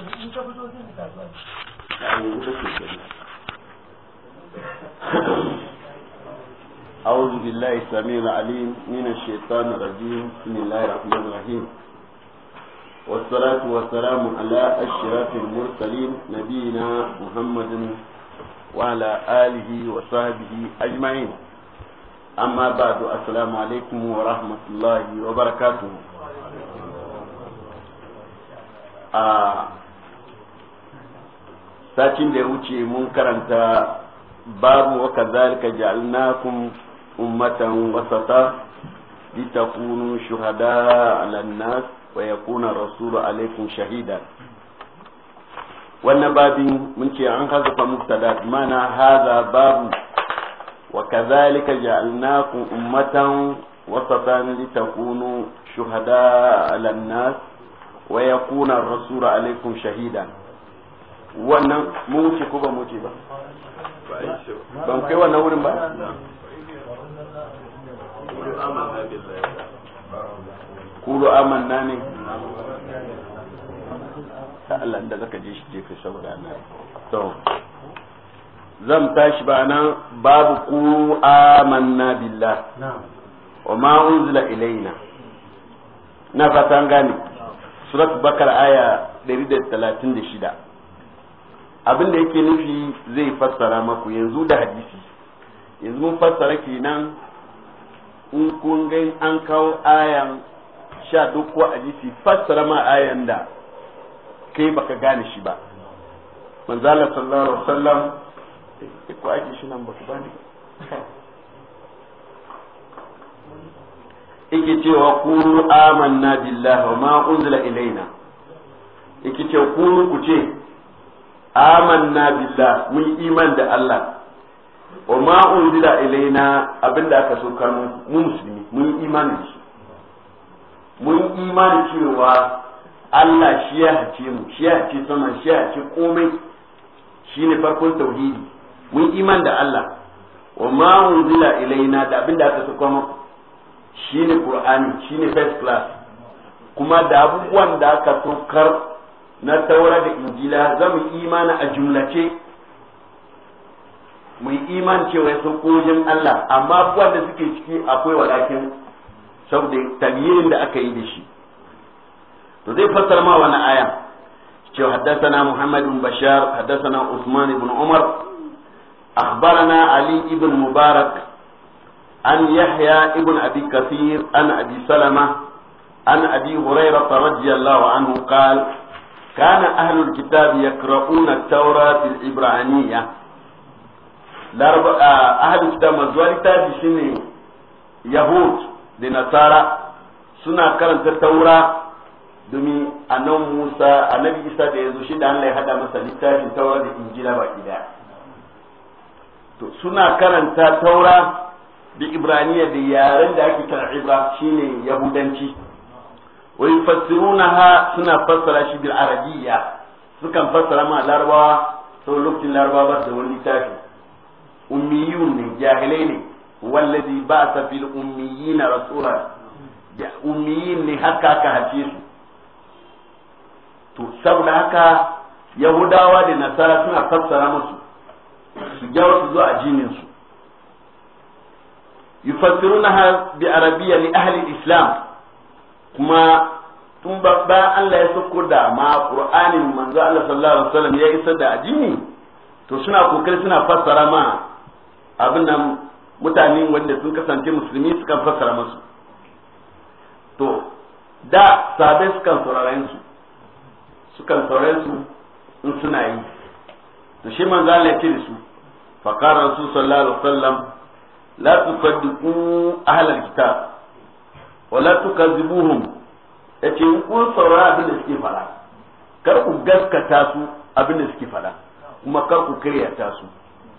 أعوذ بالله السميع العليم من الشيطان الرجيم بسم الله الرحمن الرحيم والصلاة والسلام على أشرف المرسلين نبينا محمد وعلى آله وصحبه أجمعين أما بعد السلام عليكم ورحمة الله وبركاته آه satin da ya wuce mun karanta babu wa kazalika ja'alnakum ummatan wasata litakunu shuhada 'ala nas wa yakuna rasulu alaikum shahida wannan babin mun ce an hazafa mubtada mana hada babu wa kazalika ja'alnakum ummatan wasata litakunu shuhada 'ala nas wa yakuna rasulu alaikum shahida wannan mun wuce ko ba mu wuce ba ban kai wannan wurin ba kulu na ne ta Allah da zaka je shi ka saboda na to zan tashi ba nan babu kulu amanna billah wa ma unzila ilaina na fatan gane surat bakar aya 136 abin da yake nufi zai fassara maku yanzu da hadisi yanzu mun fassara kenan in kun ga an kawo ayan sha duk ko hadisi fassara ma ayan da kai baka gane shi ba manzala sallallahu alaihi wasallam eh, ko ake shi nan baka bani yake cewa kunu amanna billahi wa ma unzila ilaina yake cewa kunu ku ce amanna billah mun iman da Allah wa ma unzila ilaina abinda aka so kar mu musulmi mun imani shi mun imani cewa Allah shi ya hace mu shi ya hace sama shi ya hace komai shine farkon tauhidi mun iman da Allah wa ma unzila ilaina da abinda aka so kar mu shine qur'ani shine first class kuma da abubuwan da aka so kar na taura da injila za mu imani a jumlace mu iman cewa sun kojin Allah amma abubuwan da suke ciki akwai wadakin saboda tabiyin da aka yi da shi to zai fassara ma wani aya cewa haddathana Muhammad bin Bashar haddathana Usman ibn Umar akhbarana Ali ibn Mubarak an Yahya ibn Abi Kathir an Abi Salama an Abi Hurairah radiyallahu anhu qala كان أهل الكتاب يقرؤون التوراة الإبرانية لارب... آه أهل الكتاب مزوالي تابي شيني يهود لنصارى سنة كرنت التوراة domin annabi Musa annabi Isa da yanzu shi da Allah ya hada masa littafin Taura da Injila baki daya suna karanta Taura da Ibraniya da yaren da ake kira Ibra shine Yahudanci wa yufassirunaha suna fassara shi bil arabiyya sukan fassara ma larabawa to lokacin larabawa ba da wani tafi ummiyun ne jahilai ne wallazi ba sa fil ummiyina rasula da ummiyin ne haka aka hace su to saboda haka yahudawa da nasara suna fassara musu su jawo su zo a jinin su yufassirunaha bi arabiyya li ahli islam kuma tun ba Allah ya sako da ma Qur'anin manzo Allah sallallahu alaihi wasallam ya isa da ajini to suna kokari suna fassara ma abin nan mutane wanda sun kasance musulmi suka fassara musu to da sabe sukan sauraren su sukan sauraren su in suna yi to shi manzo Allah ya ce su fa qara rasul sallallahu alaihi wasallam la tusaddiqu ahlal kitab wala tukazibuhum yace in kun saurara abin da suke fara kar ku gaskata su abin da suke fara kuma kar ku karyata su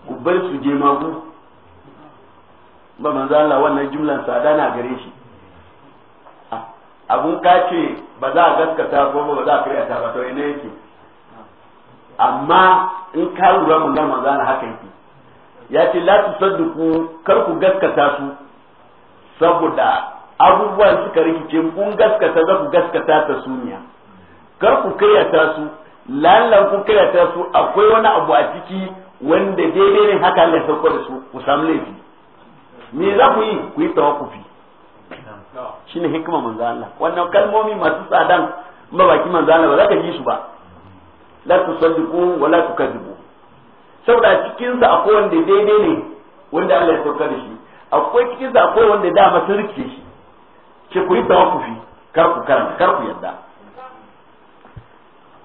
ku bar su je magu ba manzo Allah wannan jumlan sada na gare shi abun ka ce ba za a gaskata ko ba za a karyata ba to ina yake amma in ka lura mun ga manzo Allah haka yake ya ce la tusaddiqu kar ku gaskata su saboda abubuwan suka rikice kun gaskata za ku gaskata ta suniya kar ku kayyata su lallan ku kayyata su akwai wani abu a ciki wanda daidai ne haka Allah ya sauko da su ku samu laifi me za ku yi ku yi tawakkufi shine hikima manzo Allah wannan kalmomi masu tsadan ba baki manzo Allah ba za ka ji su ba la tusaddiqu wa la tukadibu saboda cikin sa akwai wanda daidai ne wanda Allah ya sauka da shi akwai cikin sa akwai wanda da masu rike shi ce ku yi tawakufi kar ku karanta kar ku yarda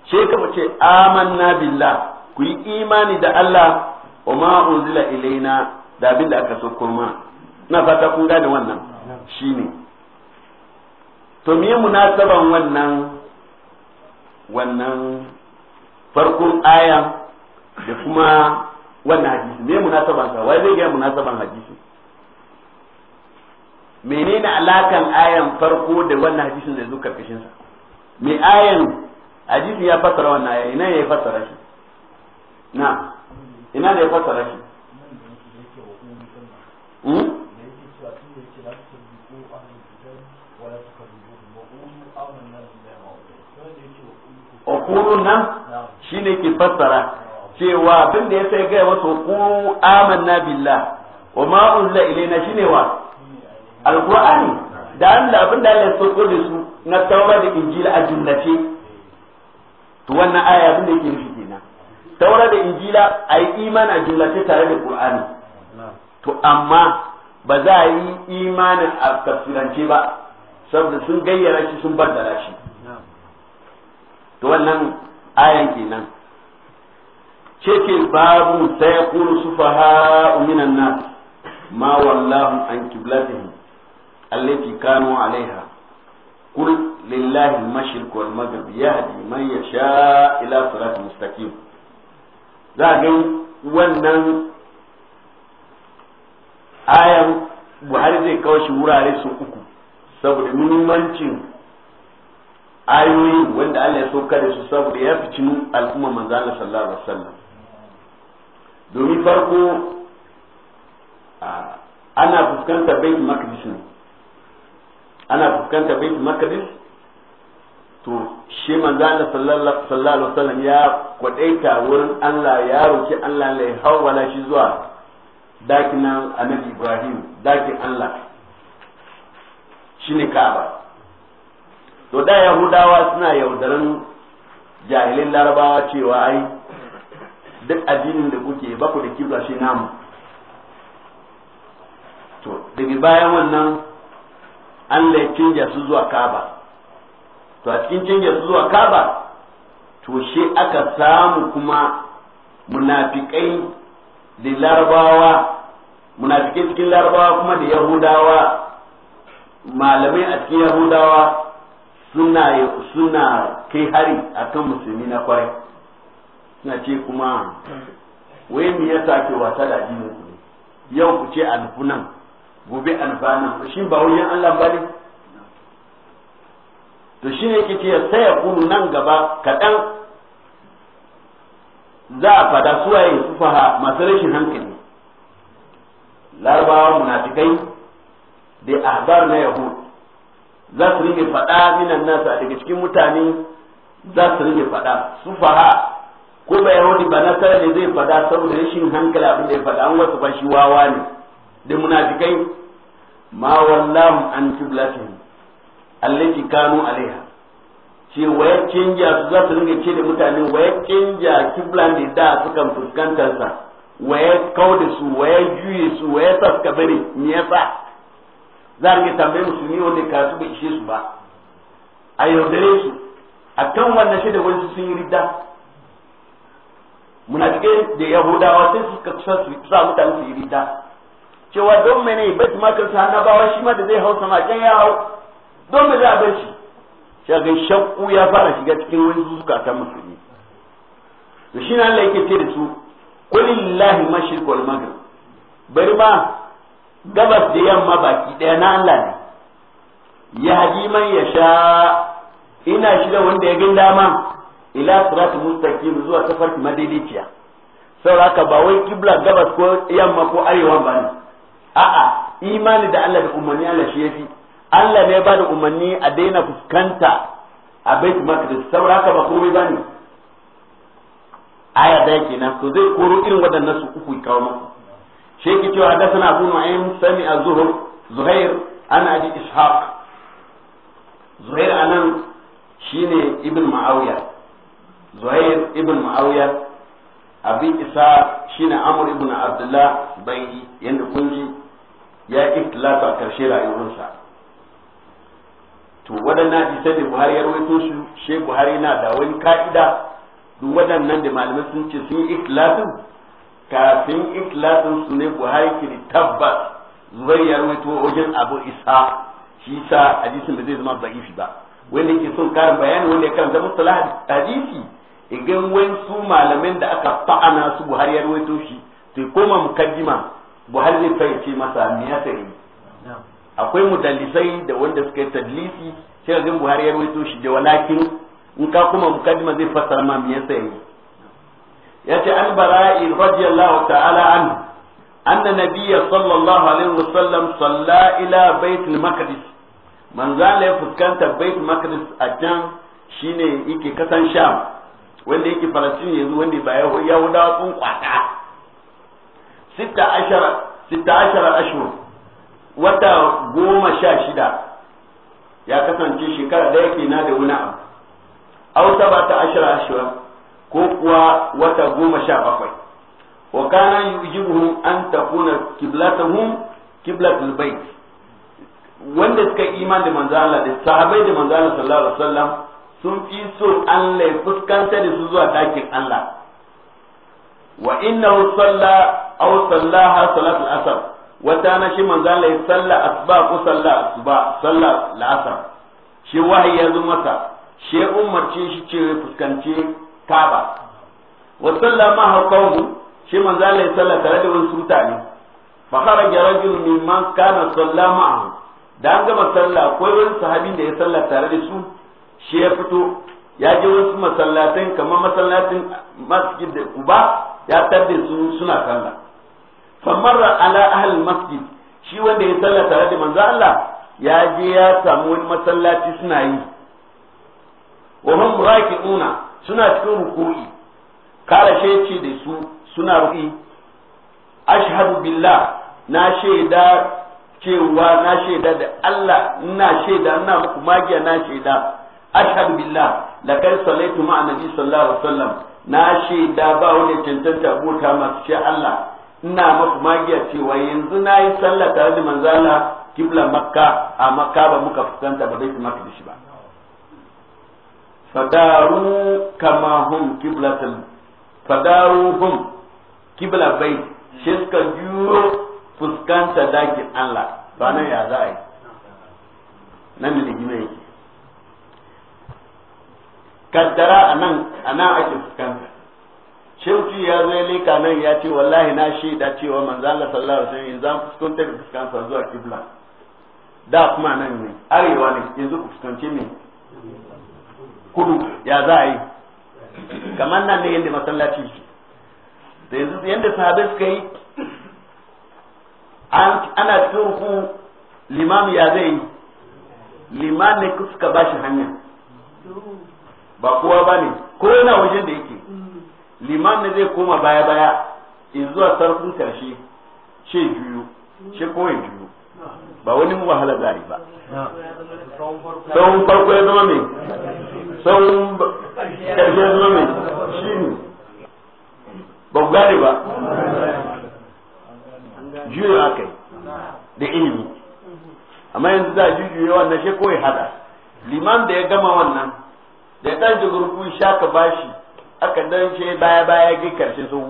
ce ka ce amanna billah ku yi imani da Allah wa ma unzila ilaina da abin da aka so kuma na fata kun gane wannan shine to me munasaban wannan wannan farkon aya da kuma wannan hadisi me munasaban sa wai zai ga munasaban hadisi menene alakan ayan farko da wannan hadisin da zuka karkashin sa me ayan hadisi ya fassara wannan ayan ina ya fassara shi na ina da ya fassara shi Okuru hmm? nan shi ne ke fassara cewa abin da ya sai gaya wasu ku amanna billah wa ma'unza ilaina shine wa alqur'ani da Allah abin da Allah ya sauko da su na taura da injila a jinnace to wannan aya abin da yake nufi kenan taura da injila a yi iman a jinnace tare da qur'ani to amma ba za a yi imanin a tafsirance ba saboda sun gayyara shi sun baddala shi to wannan ayan kenan cike babu sai ya kuru sufaha minan nas ma wallahu an qiblatihim allati kanu alaiha kul lillahi al-mashriq wal maghrib yahdi man yasha ila siratin mustaqim za ga wannan ayan buhari zai kawo shi wurare su uku saboda muhimmancin ayoyi wanda Allah ya sauka da su saboda ya fi cinu al'umma manzo Allah sallallahu alaihi wasallam domin farko ana fuskantar bait maqdis ne ana fuskanta baitul makadis to shi manzo Allah sallallahu alaihi ya kwadaita wurin Allah ya roki Allah ya wala shi zuwa dakin nan annabi Ibrahim dakin Allah shine Ka'aba to da Yahudawa suna yaudaran jahilin Larabawa cewa ai duk addinin da kuke baku da kibla shi namu to daga bayan wannan Allah ya canja su zuwa Kaba to a cikin canja su zuwa Kaba to shi aka samu kuma munafikai da larabawa munafikai cikin larabawa kuma da yahudawa malamai a cikin yahudawa suna suna kai hari akan musulmi na kwarai suna ce kuma wai me yasa ke wasa da addinin ku yau ku ce alfunan gobe albanin shi ba wajen Allah ba ne to shi ne kike saya kunu nan gaba kaɗan za a fada suwaye sufaha masu rashin hankali larabawa munafikai da ahbar na yahud za su rike faɗa minan nasa daga cikin mutane za su rike faɗa sufaha ko ba yahudi ba nasara ne zai faɗa saboda rashin hankali abin da ya faɗa an wasu ba shi wawa ne da munafikai ma wallahu an qiblatihim allati kanu alaiha ce waya canja su za su ringa ce da mutane waya canja kiblan da da suka fuskantar sa waya kauda su waya juye su waya sa suka bari me yasa za ringa tambaye musulmi wanda ka su bai ishe su ba a yaudare su a kan wannan shi da wani sun yi ridda munafikai da yahudawa sai suka kusa su sa mutane su yi ridda cewa don mene bai bai makar sa na bawa shi ma da zai hau sama can ya hau don me za a bar shi ga shakku ya fara shiga cikin wani zuzuka ta musulmi to shi na Allah yake ce da su kulillahi mashriq wal maghrib bari ma gabas da yamma baki daya na Allah ne ya ji man ya sha ina shi da wanda ya gin dama ila siratul mustaqim zuwa tafarki madaidaiciya saboda aka ba wai kibla gabas ko yamma ko arewa ba ne a'a imani da Allah da umarni Allah shi yafi Allah ne ba da umarni a daina fuskanta a bait maqdis saboda haka ba komai bane aya da yake nan to zai koro irin waɗannan su uku kawo maka shi yake cewa sana abu nu'aym sami az-zuhur zuhair ana ji ishaq zuhair anan shine ibn ma'awiya zuhair ibn ma'awiya abi isa shine amr ibn abdullah bai yanda kun ji ya a karshe rayuwarsa to waɗannan hadisai da Buhari ya rawaito su she Buhari na da wani ka'ida duk waɗannan da malamai sun ce sun yi ikhlasin kafin ikhlasin su ne Buhari ke da tabbas Zubair ya rawaito wajen Abu Isa shi sa hadisin da zai zama za'ifi ba wanda yake son karin bayani wanda ya karanta mustalah hadisi idan wani su malamin da aka fa'ana su Buhari ya rawaito shi sai koma mukaddima buhari sai ce masa me ya sani akwai mudallisai da wanda suka yi tadlisi sai ga buhari ya rawaito shi da walakin in ka kuma mukaddima zai fassara ma me ya Ya ce an bara'i radiyallahu ta'ala an anna sallallahu alaihi wasallam salla ila baitul maqdis manzala ya fuskanta baitul maqdis a can shine yake kasan sham wanda yake falastin yanzu wanda ba yahudawa sun kwata sita ashara sita wata goma sha shida ya kasance shekara da yake na da wani abu au saba ta ashara ashirin ko kuwa wata goma sha bakwai wa kana yujibuhum an takuna qiblatuhum kiblatul bait wanda suka iman da manzo Allah da sahabbai da manzo Allah sallallahu alaihi wasallam sun fi so Allah ya fuskanta da su zuwa dakin Allah wa innahu salla aw sallaha salat al-asr wata na shi manzo Allah ya salla asba ko salla asba salla al-asr shi wahayi ya zo masa shi umarci shi ce fuskanci kaba wa ma ha qawmu shi manzo Allah ya salla tare da wasu mutane fa kharaja rajul man kana sallama da an gama salla akwai wani sahabin da ya salla tare da su shi ya fito ya je wasu masallatin kamar masallatin masjid da kuba ya tarde su suna sallah famarra ala ahal masjid shi wanda ya salla tare da manzo Allah ya je ya samu wani masallaci suna yi wa hum raki'una suna cikin ruku'i shi ce da su suna ruku'i ashhadu billah na shaida cewa na shaida da Allah ina shaida ina muku magiya na shaida ashhadu billah laqad sallaitu ma'a nabi sallallahu alaihi wasallam na shaida ba wani tantance abota masu ce Allah ina maku magiya cewa yanzu na yi sallah tare da manzala kibla makka a makka ba muka fuskanta ba bai maka da shi ba fadaru kama hum kiblatul fadaru hum kibla bai shi suka juro fuskanta dakin Allah ba nan ya za a yi nan da gina yake kaddara a nan ake fuskanta shautu ya zo ya leka nan ya ce wallahi na shaida cewa manzo Allah sallallahu alaihi wasallam yanzu an fuskanta da fuskansa zuwa kibla da kuma nan ne arewa ne yanzu ku fuskance me kudu ya za a yi kamar nan ne yadda masallaci shi da yanzu yadda sahabai suka yi ana cikin limam ya zai yi liman ne suka ba shi hanya ba kowa ba ne ko na wajen da yake liman ne zai koma baya baya in zuwa sarfin karshe ce juyo ce kuma juyo ba wani wahala za yi ba sauran farko ya zama mai sauran karshe ya zama mai shi ne ba ku gane ba juyo a kai. da ilimi amma yanzu za a jujuye wannan shi ko ya hada liman da ya gama wannan da ya ɗan jigurgu shaka bashi aka dan ce baya baya ga karshe su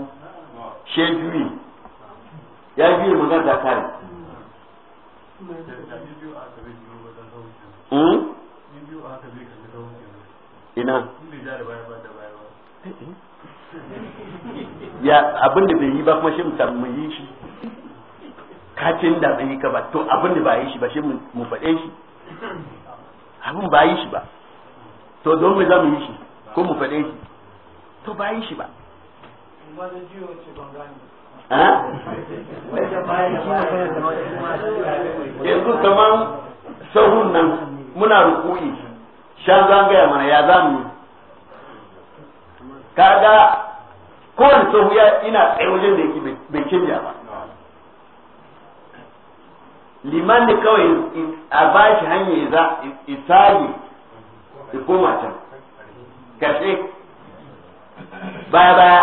she juyi ya juyi magana da kare hmm? ina ya abin da bai yi ba kuma shi mu yi shi kacin da bai yi ka ba to abin da ba yi shi ba shi mu faɗe shi abin ba yi shi ba to don mu za mu yi shi ko mu faɗe shi to bayan shi ba yanzu kamar sahun nan muna rukui shan zangaya mana ya zamu kaga kowane sahu ya ina tsaye wajen da yake bai canja ba liman da kawai a ba shi hanyar ya za isaji da koma can karshe baya baya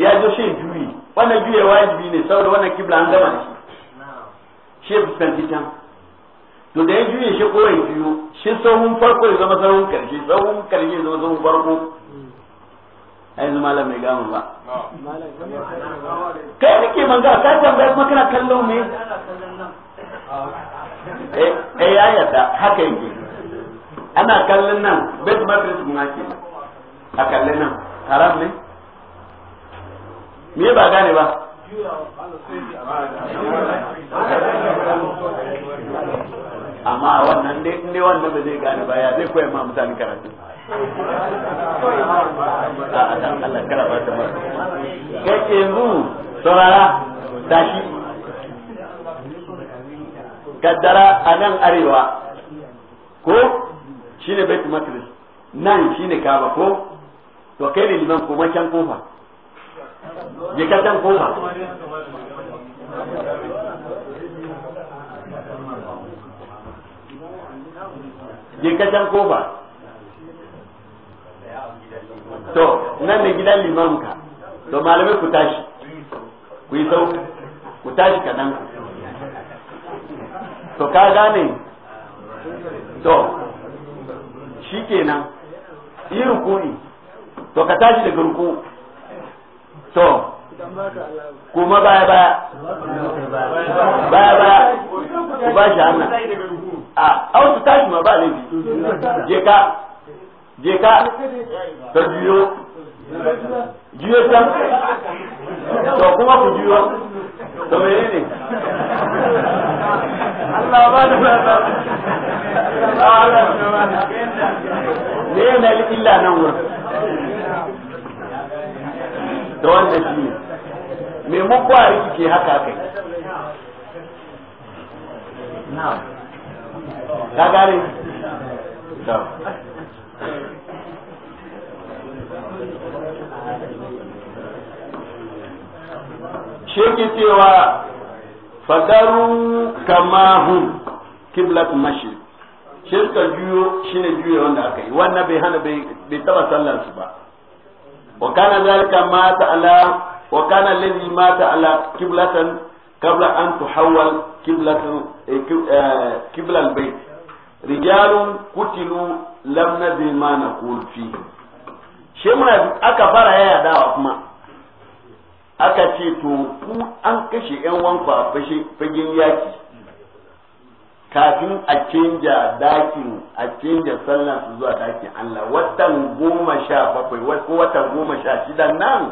ya zo shi juyi wannan juya wajibi ne saboda wannan kibla an gama shi shi fuskanci can to da ya juye shi kowai biyu shi sahun farko ya zama sahun karshe sahun karshe ya zama sahun farko a yanzu malam mai gama ba kai nake manga ka tambaya kuma kana kallo me eh, eh ya yarda haka yake ana kallon nan bet madrid kuma kenan a kalli nan haram ne me ba gane ba amma wannan dai ne wannan da zai gane ba ya zai koya ma mutane karatu a a Allah kara ba ta mara kai ke yanzu saurara tashi kaddara a nan arewa ko shine baitul maqdis nan shine kaba ko to kai ne liman koma can kofa je ka can kofa je ka can kofa to nan ne gidan liman ka to malamai ku tashi ku yi sau ku tashi kanan to ka gane to shi kenan yi rukuni to ka tashi daga ruku to kuma baya baya baya baya ku ba shi a au su tashi ma ba laifi je ka je ka ka juyo can to kuma ku juyo to ne. Allah ba da ba da illa nan da wanda shi ne me muku a rikice haka kai ka gane shi cewa fadaru kama hun kiblat mashid shirka juyo shine juyo wanda aka yi wannan bai hana bai taba sallar su ba wa kana zalika mata ala wa kana alladhi mata ala qiblatan qabla an tuhawwal qiblatan eh, eh, qibla albayt rijalun kutilu lam nadri ma naqul fi shi muna aka fara yaya dawa kuma aka ce to an kashe yan wanku a fagen yaki kafin a canja dakin a canja sallan su zuwa dakin Allah watan goma sha bakwai ko watan goma sha shida nan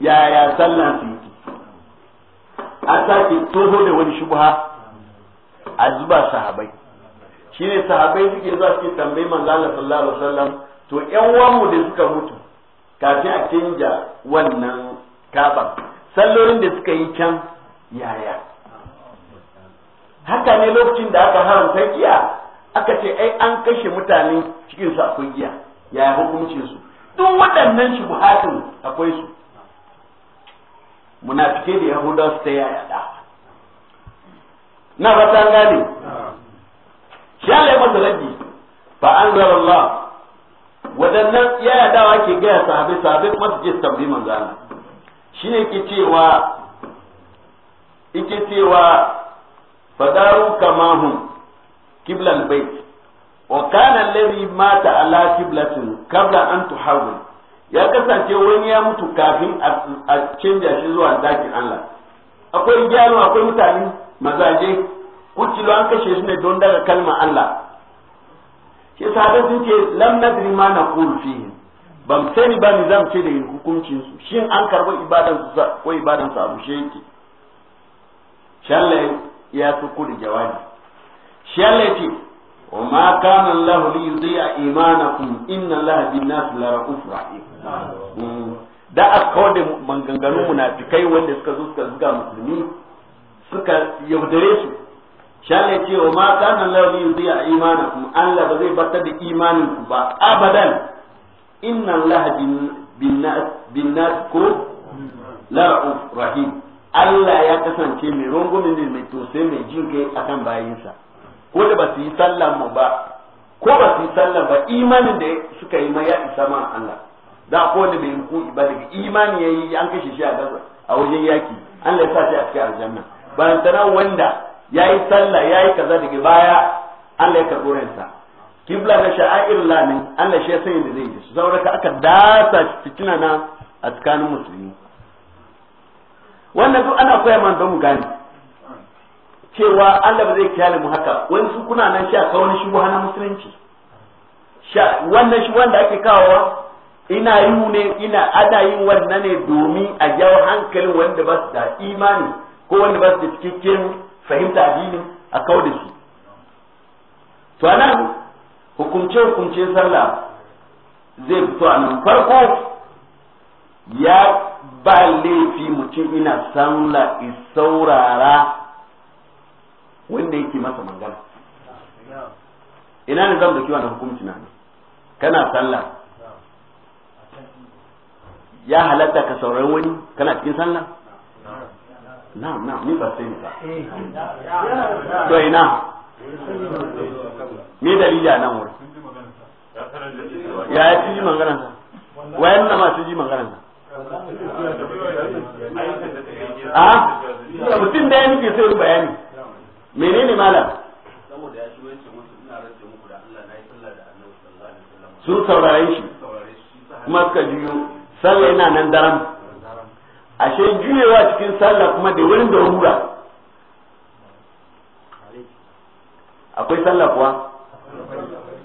yaya sallan su yi a sake tsoho da wani shubha a zuba sahabai shi ne sahabai suke zuwa suke tambayi manzo Allah sallallahu alaihi wasallam to ƴan uwanmu da suka mutu kafin a canja wannan kaban sallolin da suka yi can yaya haka ne lokacin da aka haramta giya aka ce ai an kashe mutane cikin su akwai giya ya hukunci su duk waɗannan shubuhatin akwai su munafike da yahudawa su ta yaya da na fata gane shi Allah ya masa rabbi fa allah. waɗannan yaya dawa ke gaya sahabai sahabai kuma su je su tambayi manzana shine ke cewa yake cewa fadaru kamahum kiblan bait wa kana alladhi mata ala kiblatin kabla an tuhawil ya kasance wani ya mutu kafin a canja shi zuwa dakin Allah akwai gyaro akwai mutane mazaje kucilo an kashe su ne don daga kalma Allah shi sahabai sun ce lam nadri ma naqul fihi ban sani ba ni ce da hukuncin su shin an karba ibadan su ko ibadan su shalle ya fi da jawabi shi Allah ya ce wa ma kana Allah li yudhi'a imanakum inna Allah bin nas la raufur rahim da aka kawo da maganganun munafikai wanda suka zo suka zuga musulmi suka yaudare su shi Allah ya ce wa ma kana Allah li yudhi'a imanakum Allah ba zai bata da imanin ku ba abadan inna Allah bin nas bin nas ku la rahim Allah ya kasance mai rungumi ne mai tose mai jin kai akan bayinsa ko da ba su yi sallah mu ba ko ba su yi sallah ba imanin da suka yi ma ya isa ma Allah da ko da bai ruku ba daga imani yayi an kashe shi a a wajen yaki Allah ya sa shi a cikin aljanna bayan tana wanda yayi sallah yayi kaza daga baya Allah ya karbo ransa kibla na sha'air lamin Allah shi ya sanya da zai yi saboda aka dasa fitina na a tsakanin musulmi wannan duk ana koya man don mu gane cewa Allah ba zai kyale mu haka wani su kuna nan sha kawo shi shubuha na musulunci sha wannan shi wanda ake kawowa ina yi ne ina ana yin wannan ne domin a jawo hankalin wanda ba su da imani ko wanda ba su da cikakken fahimta addini a kawo da shi to anan hukumce hukumce sallah zai fito a nan farko ya ba laifi mutum ina sanla isaurara wanda yake masa magana ina ne zan dauki wannan hukunci na kana sallah ya halatta ka saurari wani kana cikin sallah na'am na'am ni ba sai ni ba to ina me dalili a nan wurin ya ci sa? wayan na masu ji sa? a ah, mutum da ya nufi sai yi bayani menene malam sun saurare shi kuma suka juyo sallah yana nan daram ashe juyewa cikin sallah kuma da wurin da rura akwai sallah kuwa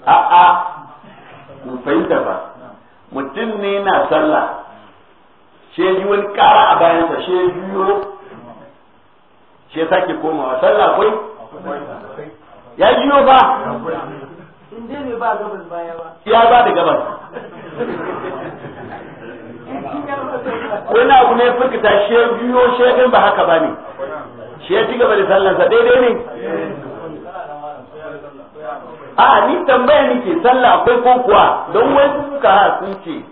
a'a mun fahimta ba mutum ne na sallah she yi wani kara a bayansa she biyo she sake komawa sallah akwai ya biyo ba inda ne ba gabas baya ba ya ba da gabas wani abu ne firgita she biyo she din ba haka ba ne she ci gaba da sallansa daidai ne a ni tambaya ke sallah akwai ko kuwa don wani suka sun ce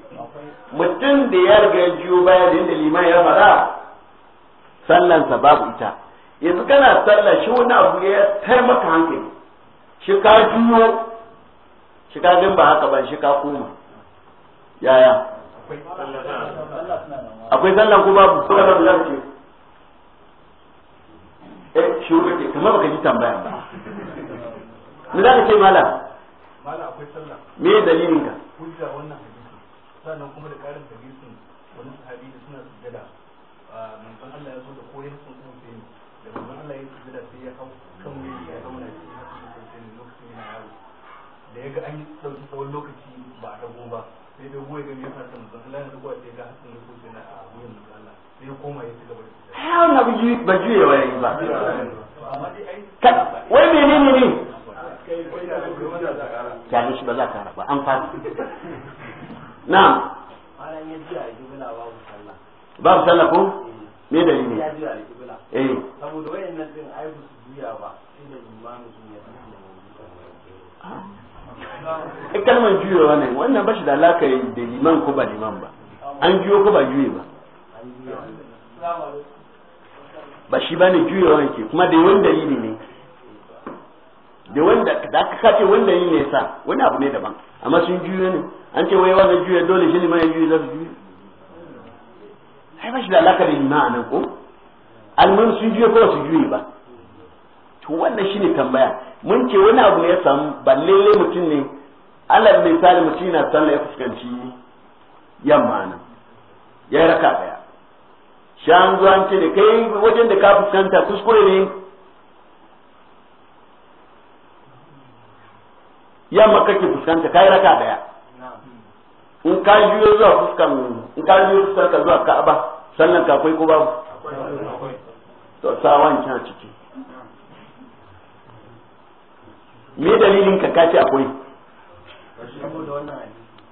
mutum da ya riga ya jiyo baya da inda liman ya fara sallansa babu ita yanzu kana sallah shi wani abu ya taimaka hankali shi ka juyo shi ka ba haka ba shi ka koma yaya akwai sallan ko babu ko babu za ce eh shi ke kamar baka ji tambaya ba mu za ka ce mala mala akwai sallah me dalilin ka hujja wannan sannan kuma da karin hadisin wani sahabi da suna sujjada manzon Allah ya so da koyar sun kuma sai ne da manzon Allah ya sujjada sai ya hau kan wuri ya zauna cikin hakan sai ne lokacin yana yawo da ya ga an yi ɗauki tsawon lokaci ba a dago ba sai da goyi gani ya sa kan zan Allah ya dago sai ga hakan ya kuce na a wuyan manzon Allah sai ya koma ya ci gaba da sujjada. Hayan na ba juyewa ya yi ba. Wai menene ne? Kyale shi ba za ka harba an fara. na babu sallah ko eh. me dalili eh saboda wayannan din ai ba juya ba inda limamin sun yi in ah. kalmar ne wannan ba shi da alaka da liman ko ba liman an juyo ko ba ba ba shi ba ne ke kuma da yawan dalili ne da wanda da aka kace wanda yin ne sa wani abu ne daban amma sun juyo ne an ce wai wannan juyo dole shi ne mai juyo za su juyo ai ba shi da alaka da imma ko almun sun juyo ko su juyo ba to wannan shine tambaya mun ce wani abu ne ya samu ba lalle mutum ne alal misali mutum yana sallah ya fuskanci yamma nan ya raka daya shan zuwan ce da kai wajen da ka fuskanta kuskure ne yamma kake fuskanta kai raka daya in ka juyo zuwa fuskan in ka juyo fuskar ka zuwa ka'aba sannan ka akwai ko babu to sa wancan ciki me dalilin ka kace akwai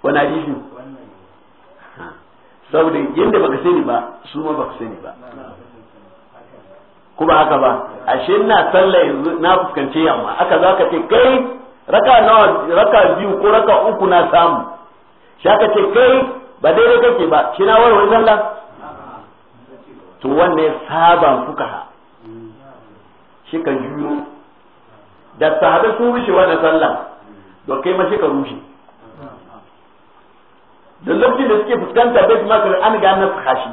wani hadisi saboda yadda baka sani ba su ma baka sani ba kuma haka ba ashe na sallah yanzu na fuskance yamma aka za ka ce kai raka nawa raka biyu ko raka uku na samu shi aka ce kai ba daidai kake ba shi na wani zalla to wanne saban ha shi ka juyo da sahabai sun rushe wani sallah to kai ma shi ka rushe da lokacin da suke fuskanta bai kuma an ga na fahashi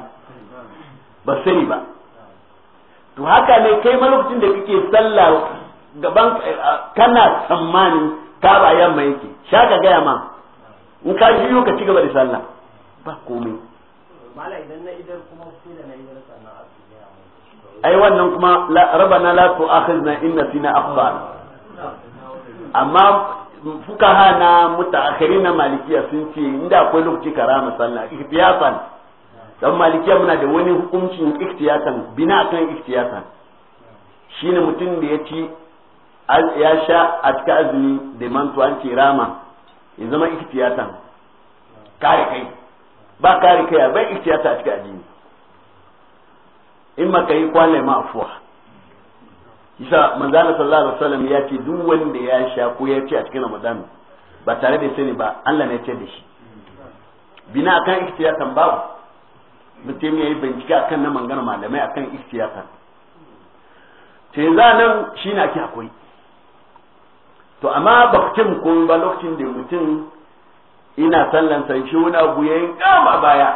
ba sani ba to haka ne kai ma lokacin da kake sallah gaban eh, kana tsammanin ka ba yamma yake sha ka gaya ma in ka ji ka ci gaba da sallah ba komai ai idan na kuma raba na idar sannan a ai wannan kuma rabana la tu'akhizna in nasina akhbar amma fukaha na mutaakhirin na malikiya sun ce inda akwai lokaci karama sallah ihtiyasan dan malikiya muna da wani hukuncin ihtiyatan bina kan ihtiyasan shine mutum da ya ci ya sha a cikin azumi da mantuwa an ce rama ya zama ikhtiyatan kare kai ba kare kai ba ikhtiyata a cikin azumi in maka yi kwale ma afuwa isa manzana sallallahu alaihi wasallam ya ce duk wanda ya sha ko ya ce a cikin ramadan ba tare da sani ba Allah ne ce da shi bina akan ikhtiyatan babu mutum ya yi bincike akan na mangana malamai akan ikhtiyatan ce za nan shi na ake akwai to amma bakcin ko ba lokacin da mutum ina sallan san shi wani abu ya yi kama baya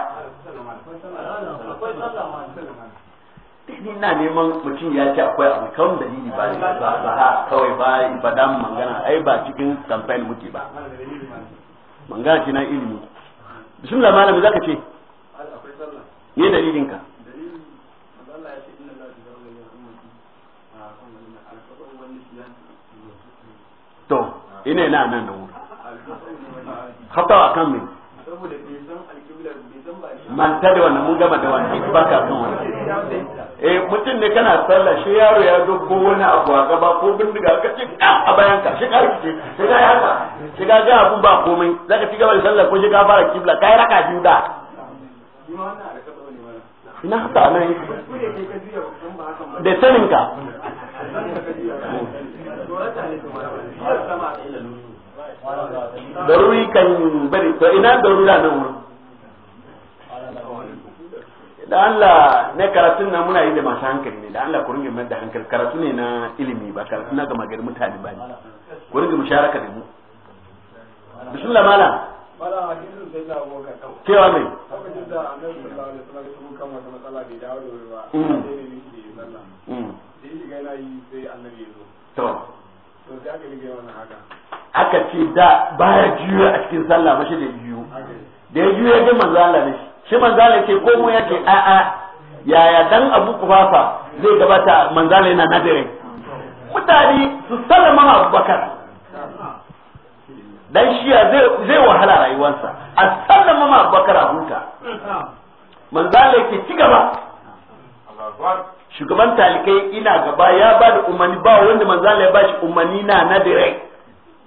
ina neman mutum ya ce akwai abu kawai dalili ba ne ba ha kawai ba dan mangana ai ba cikin campaign muke ba mangana ce na ilimi bismillah malam zaka ce ne dalilin ka to ina na nan da wuri a kan mai manta da wannan mun gama da wannan ba ka kan wannan eh mutum ne kana sallah shi yaro ya dubbo wani abu a gaba ko bindiga ka ce ah, a bayan ka shi ka rikice shi ka shi ka ga abu ba komai zaka ci gaba da sallah ko shi ka fara kibla kai raka biyu da ina haka nan da sanin ka daruri kan bari to ina darura nan wurin da Allah na karatun nan muna yi da masu hankali ne da Allah ku ringa mai da hankali karatu ne na ilimi ba karatu na gama gari mutane ba ne ku ringa musharaka da mu bismillah malam cewa mai ba ne yi to aka ce da baya juyo a cikin sallah ba shi da juyo da ya juyo ga Manzala ne shi manzala ke komo ko mu yake a a yaya dan Abu Kufafa zai gabata manzala yana nadirin mutane su sallama Abubakar talikai ina gaba ya ba da umarni ba wanda manzo Allah ya ba shi umarni na na direct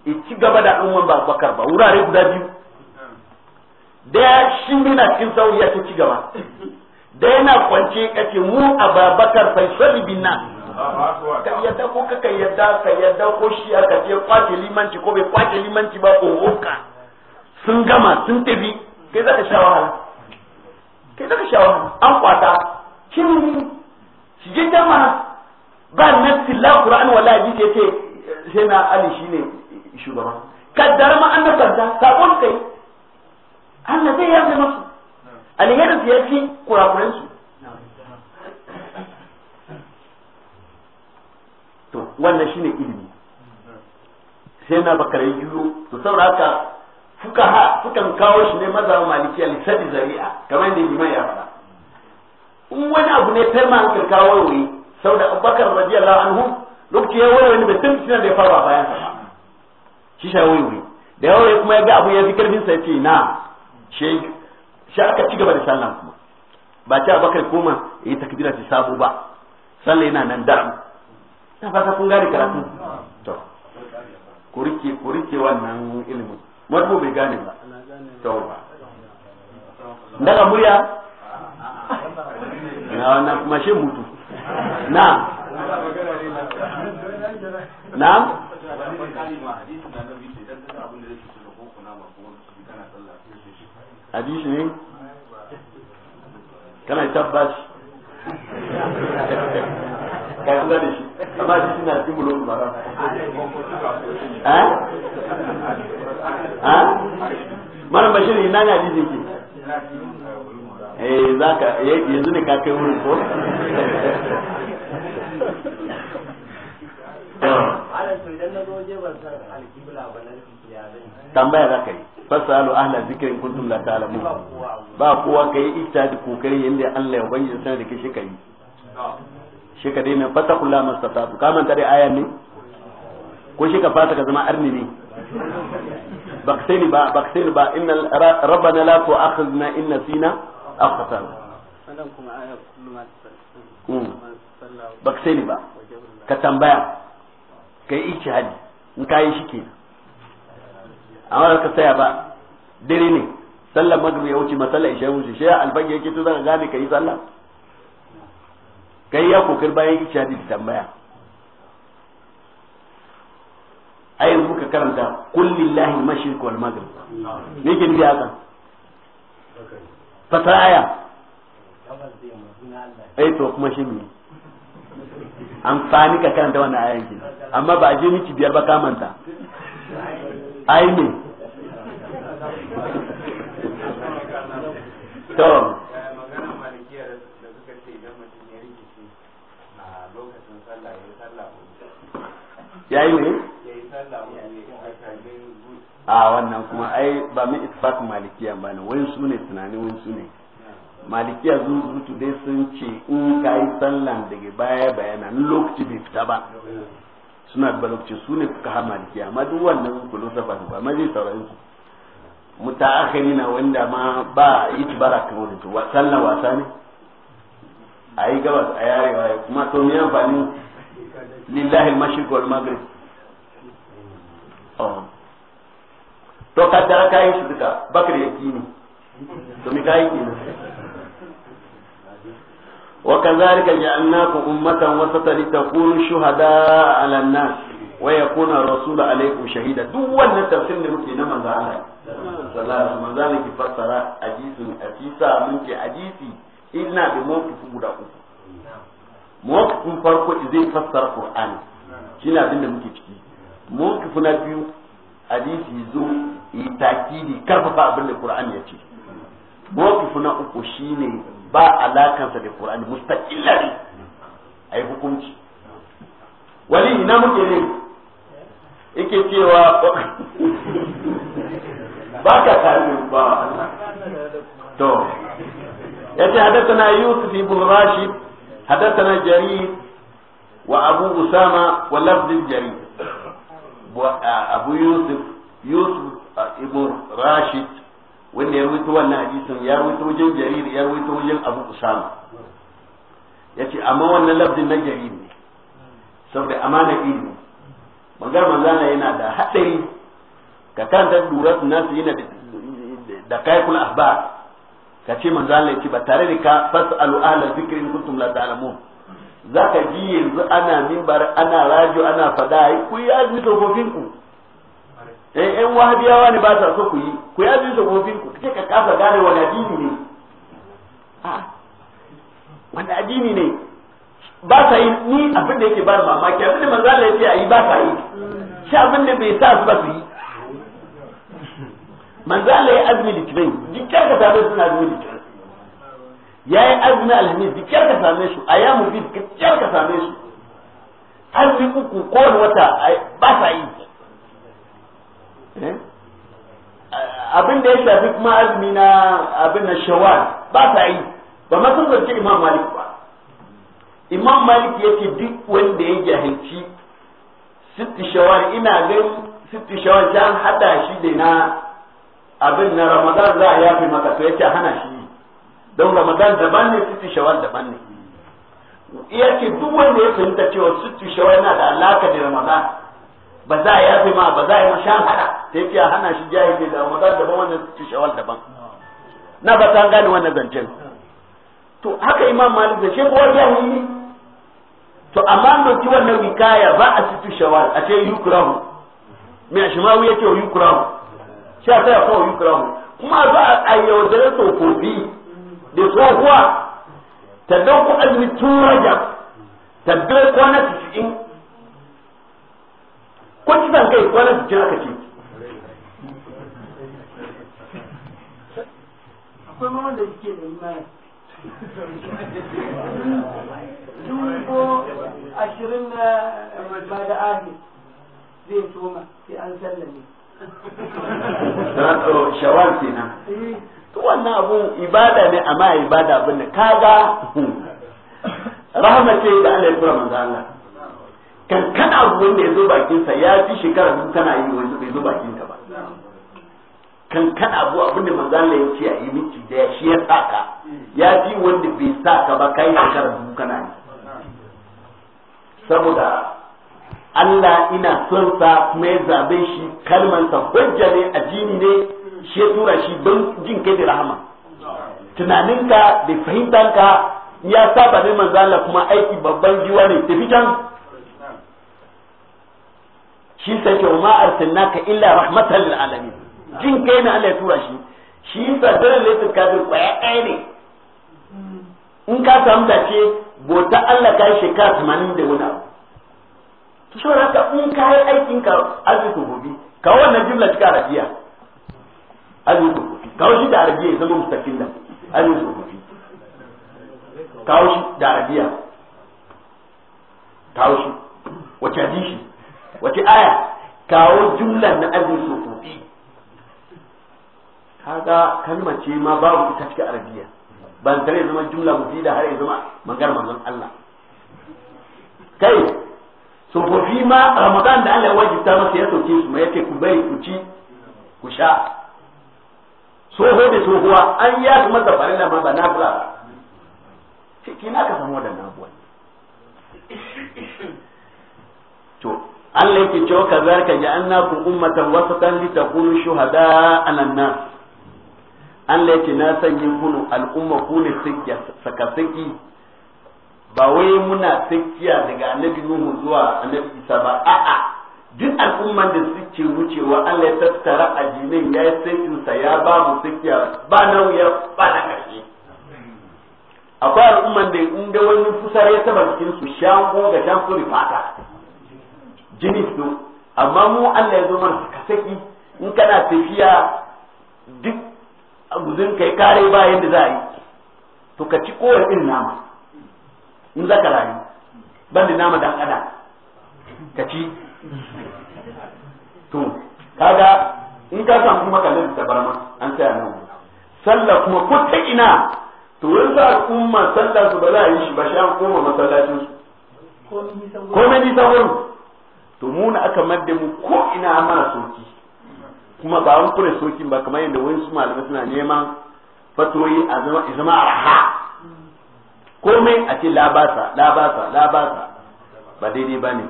ya ci gaba da umman ba bakar ba wurare guda biyu da ya shi na cikin sauri ya ci gaba daya yana kwance kace mu ababakar faisali bin nan ka yadda ko ka yadda ka yadda ko shi aka ce kwace limanci ko bai kwace limanci ba ko hoka sun gama sun tafi kai zaka sha wahala kai zaka sha wahala an kwata kin shi je ba na tilla qur'an wala hadisi yace sai na ali shine shugaba kaddara ma an ta sakon kai Allah zai yarda Ali ya su yake kurakuren su to wannan shine ilimi sai na bakare yiwu to saboda haka fuka ha fukan kawo shi ne maliki al-sadi zari'a kamar yadda imam ya fara. in wani abu ne sai man kirka warware saboda abubakar radiyallahu anhu lokaci ya warware ne bai san da ya faru a bayan sa shi sha warware da yawa kuma ya ga abu ya fi karfin sa ce na shi shi aka ci gaba da sallah kuma ba ce abubakar koma ya yi takbira ta sabo ba sallah yana nan da ta fata kun gane karatu to ku rike ku rike wannan ilimin wato bai gane ba to ba murya na hawa na mutu na na hadisi ne kana tabbas ka kula da shi amma shi suna eh eh mana ina ne ke Eh, za ka eh, yanzu ne ka kai wurin ko tambaya za ka yi alu ahla zikirin kuntum la alamu ba kowa ita da kokari yadda Allah ya bayyana sanar da kishi yi. shi ka daina fata kula mastatatu ka manta dai aya ne ko shi ka fata ka zama arni ne baksani ba baksani ba inna rabbana la tu'akhidna in nasina aqsal sannan ba ka sani ba ka tambaya ka yi ijtihadi in ka yi shi ke amma ka saya ba dare ne sallar magrib ya wuce masalla isha ya wuce shi alfage yake to zaka gane ka yi sallah kai ya kokar bayan ijtihadi da tambaya a yanzu ka karanta kullillahi mashriq wal maghrib ne ke nufi haka fata aya ai eh, to kuma shi ne amfani ka karanta wannan ayan ki amma ba a je miki biyar ba kamanta ai ne to eh, yayi ne a wannan kuma ai ba mu isbat malikiya ba ne wani su ne tunani wani su ne malikiya zuzutu dai sun ce in ka yi sallan daga baya bayana in lokaci bai fita ba suna da lokaci su ne fuka ha malikiya amma duk wannan filosofa ba ma zai saurari su mutaakhiri na wanda ma ba itibara kamar da wa sallan wasa ne a yi gabas a yarewa kuma to me amfani lillahi mashi mashriq to ka tara ka yi shi duka bakar ya kini domin ka yi kini wa kazalika ja'alnakum ummatan wasata litakunu shuhada 'ala an-nas wa yakuna rasulun alaykum shahida duk wannan tafsirin da muke na manzo Allah sallallahu alaihi wasallam ki fassara hadisin atisa mun ce hadisi ina da mawqifi guda uku mawqifin farko zai fassara qur'ani shine abin da muke ciki mawqifi na biyu hadisi zo yi takidi karfafa abin da Qur'an ya ce mawqif na uku shine ba alakansa da Qur'ani mustaqilla ne yi hukunci wali ina muke ne yake cewa ba ka tare ba to yace hadathana Yusuf ibn Rashid hadathana Jarir wa Abu Usama wa lafz Jarir abu yusuf yusuf ibn rashid wanda ya rubuta wannan hadisin ya rubuta wajen jarir ya rubuta wajen abu usama yace amma wannan lafzin na jarir ne saboda amana ilimi magana manzana yana da hadari ka dura durat nasu yana da kaikul ahbar ka ce manzana yace ba tare da ka fasalu ahla zikirin kuntum la ta'lamun za ka ji yanzu ana mimbar ana rajo ana fada ku yi azumi tsofaffin ku eh yan wahabiyawa ne ba sa so ku yi ku yi azumi tsofaffin ku kace ka kafa gane wani addini ne wani addini ne ba sa yi ni abin da yake ba mamaki abin da manzo Allah ya yi ba sa yi shi abin da bai sa su ba su yi manzo Allah ya azumi litinin dukkan ka tabe suna azumi litinin yayi azumi alhamis dikiyar ka same su yamu bi dikiyar ka same su azumi uku ko wata ba sa yi eh? abin da ya shafi kuma azumi na abin na shawar ba sa yi ba ma sun zarce imam malik ba imam malik ya ce duk wanda ya jahilci sitti shawar ina gan sitti shawar jan hada shi da na abin na ramadan za a yafi maka to ya ce hana shi don ramadan daban ne sittu shawar daban ne iya ce duk wanda ya fahimta cewa sittu shawar yana da alaka da ramadan ba za a yafe ma ba za a yi mashan hada ta yake hana shi jahili da ramadan daban wanda sittu shawar daban na ba ta gane wannan zancen to haka imam malik da shi kowa jahili to amma ki wannan wikaya ba a sittu shawar a ce kurahu mai ce yake yukrahu shi a ta yafa yukrahu kuma za a yaudare tsofaffi da tsohuwa ta dauko azumi tun rajab ta bai kwana tisa'in ko kisan kai kwana tisa'in aka ce akwai mamman da suke da imani dubu ashirin na eh, ba da ahi zai toma sai an sallame oh, shawar kenan eh. to wannan abun ibada ne amma ibada abin da kaga rahama ce da Allah ya fara manzo Allah kan kana abun da yazo bakin sa ya fi shekara duk tana yi wani bai zo bakin ka ba kan kana abu abin da manzo Allah ya ce a yi miki da shi ya saka ya fi wanda bai saka ba kai shekara duk kana yi saboda Allah ina son sa kuma ya zabe shi kalmansa hujja ne addini ne shi ya tura shi don jin kai da rahama tunaninka da fahimtanka ya saba ne manzala kuma aiki babban jiwa ne tafi can shi sai ke ma ka illa rahmatan lil alamin jin kai ne Allah ya tura shi shi sa dare ne kafi kwaya ɗaya ne in ka samu dace bota Allah ka shekara 80 da wani abu to saboda ka in ka yi aikinka arziki gobe ka wannan jimla cika arabiya azumi kurkufi kawo shi da arabiya ya zama mustafin da azumi kurkufi kawo shi da arabiya kawo shi wace hadishi wace aya kawo jumlan na azumi kurkufi kaga kalma ce ma babu ita cikin arabiya ban tare zama jumla mu da har ya zama magar manzon Allah kai tsofaffi ma ramadan da Allah ya wajibta masa ya sauke su ma yace ku bari ku ci ku sha toho da tohuwa an ya kuma da farilla ma ba na fula ciki na ka samu da nabuwa to Allah yake cewa ka ka zarka ja'alnakum ummatan wasatan litakunu shuhada 'alan nas Allah yake na sanya kunu al'umma kunu sikya sakasaki ba wai muna sikiya daga annabi Nuhu zuwa annabi Isa ba a'a duk al'umman da suke wucewa Allah ya tattara addinin ya yi sa ya ba mu sakiya ba na wuya ba na ƙarshe akwai al'umman da in ga wani fusar ya taba cikin su shango ga shango da fata jini su amma mu Allah ya zo mana ka saki in kana tafiya duk guzin kai kare ba yadda za a yi to ka ci kowane irin nama in za ka rayu ban da nama dan adam ka ci to kaga in ka san kuma kallon da barma an tsaya nan sallah kuma ko ta ina to za a al'umma sallah su ba za a yi shi ba an koma masallacin su me nisan wurin to mu na aka madda mu ko ina mana soki kuma ba an kure soki ba kamar yadda wani su malamai suna neman fatoyi a zama arha komai a ce labasa labasa labasa ba daidai ba ne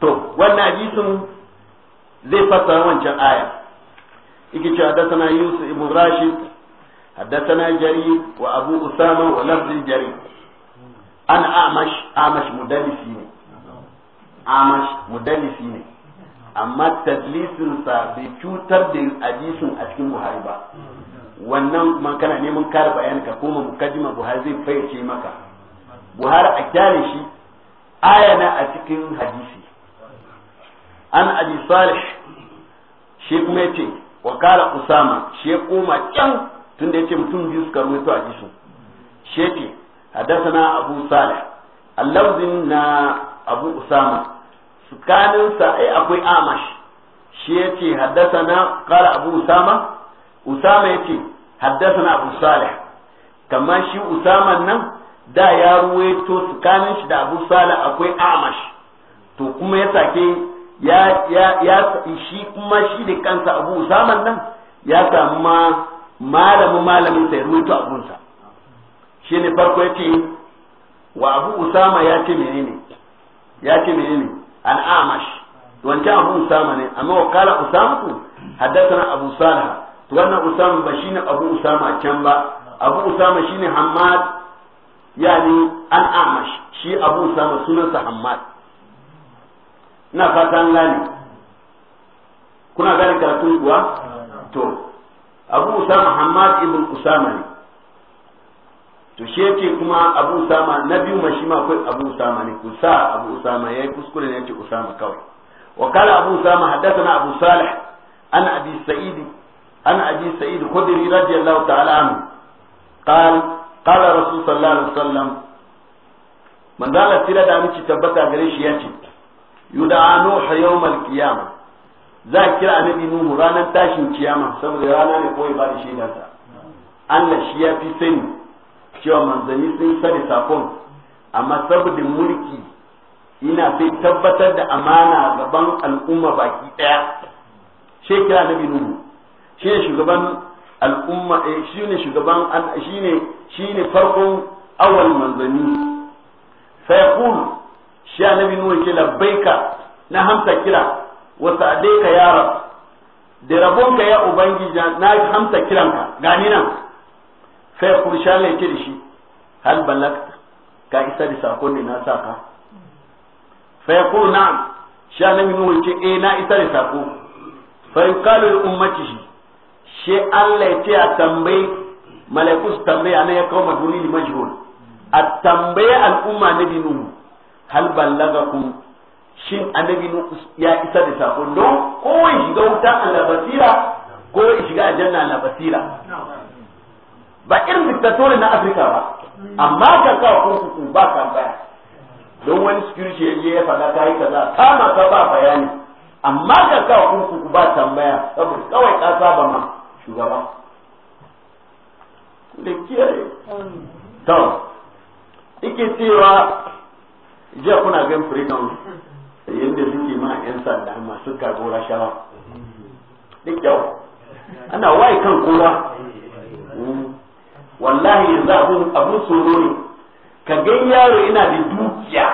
to wannan hadisin zai fasa wancan aya yake cewa haddathana yusuf ibn rashid haddathana jari wa abu usama wa lafzi jari an amash amash mudallisi ne amash mudallisi ne amma sa bai cutar da hadisin a cikin buhari ba wannan kuma kana neman kare bayani ka koma mukaddima buhari zai fayyace maka buhari a kyale shi aya na a cikin hadisi an abi salih shi kuma yace wa kala usama shi koma can tunda yace mutum biyu suka ruwaito a jisu shi yace hadathana abu salih allazin na abu usama tsakanin sa ai akwai amash shi yace hadathana kala abu usama usama yace hadathana abu salih kamar shi usama nan da ya ruwaito tsakanin shi da abu salih akwai amash to kuma ya sake ya ya ya shi kuma shi da kansa abu usaman nan ya samu ma malamu malamin sai rubuta abunsa shi ne farko ce wa abu usama ya ce menene ya ce menene an amash wancan abu usama ne amma wa kala usama ku haddathana abu salih to wannan usama ba ne abu usama can ba abu usama shi ne hammad yani an amash shi abu usama sunansa hammad ina fatan gani kuna gani karatun kuwa to abu usama hamad ibn usama ne to shi yake kuma abu usama na biyu ma shi ma akwai abu usama ne kusa abu usama yayi kuskure ne yake usama kawai wa kala abu usama haddathana abu salih an abi sa'id an abi sa'id khudri radiyallahu ta'ala anhu قال qala rasul sallallahu alaihi wasallam وسلم من da miki tabbata gare shi yace yuda nuhu yawmal qiyamah za kira annabi nuhu ranar tashin kiyama saboda rana ne koyi ba da ta Allah shi ya fi sani cewa manzanni sun sani sakon amma saboda mulki ina sai tabbatar da amana gaban al'umma baki daya shi kira annabi nuhu shi ne shugaban al'umma eh, shi ne shugaban shi ne shi ne farkon awal manzanni sai shi annabi nuwa ke labbaika na hamsa kira wa sa'adaika ya rab da ka ya ubangiji na hamsa ka gani nan sai kursha ne ce da shi hal balak ka isa da sakon da na saka fa yaqulu na'am shi annabi nuwa ke eh na isa da sako fa yuqalu li ummatihi shi Allah ya ce a tambayi malaiku tambayi a ana ya kawo maduni li majhul a tambayi al'umma na binu hal ballagakum shin annabi ya isa da sako don ko wai shiga wuta Allah basira ko wai shiga aljanna ala basira ba irin diktatori na afirka ba amma ka ku ku ba ka ba don wani security ya je ya faɗa ka yi kaza kama ka ba bayani amma ka ku ku ba tambaya saboda kawai ka saba ma shugaba da kiyaye to ike cewa jiya kuna gan freedom yadda suke ma yan sanda masu kago shara. duk yau ana wai kan kowa mm. wallahi yanzu abun abun tsoro ne ka gan yaro ina da dukiya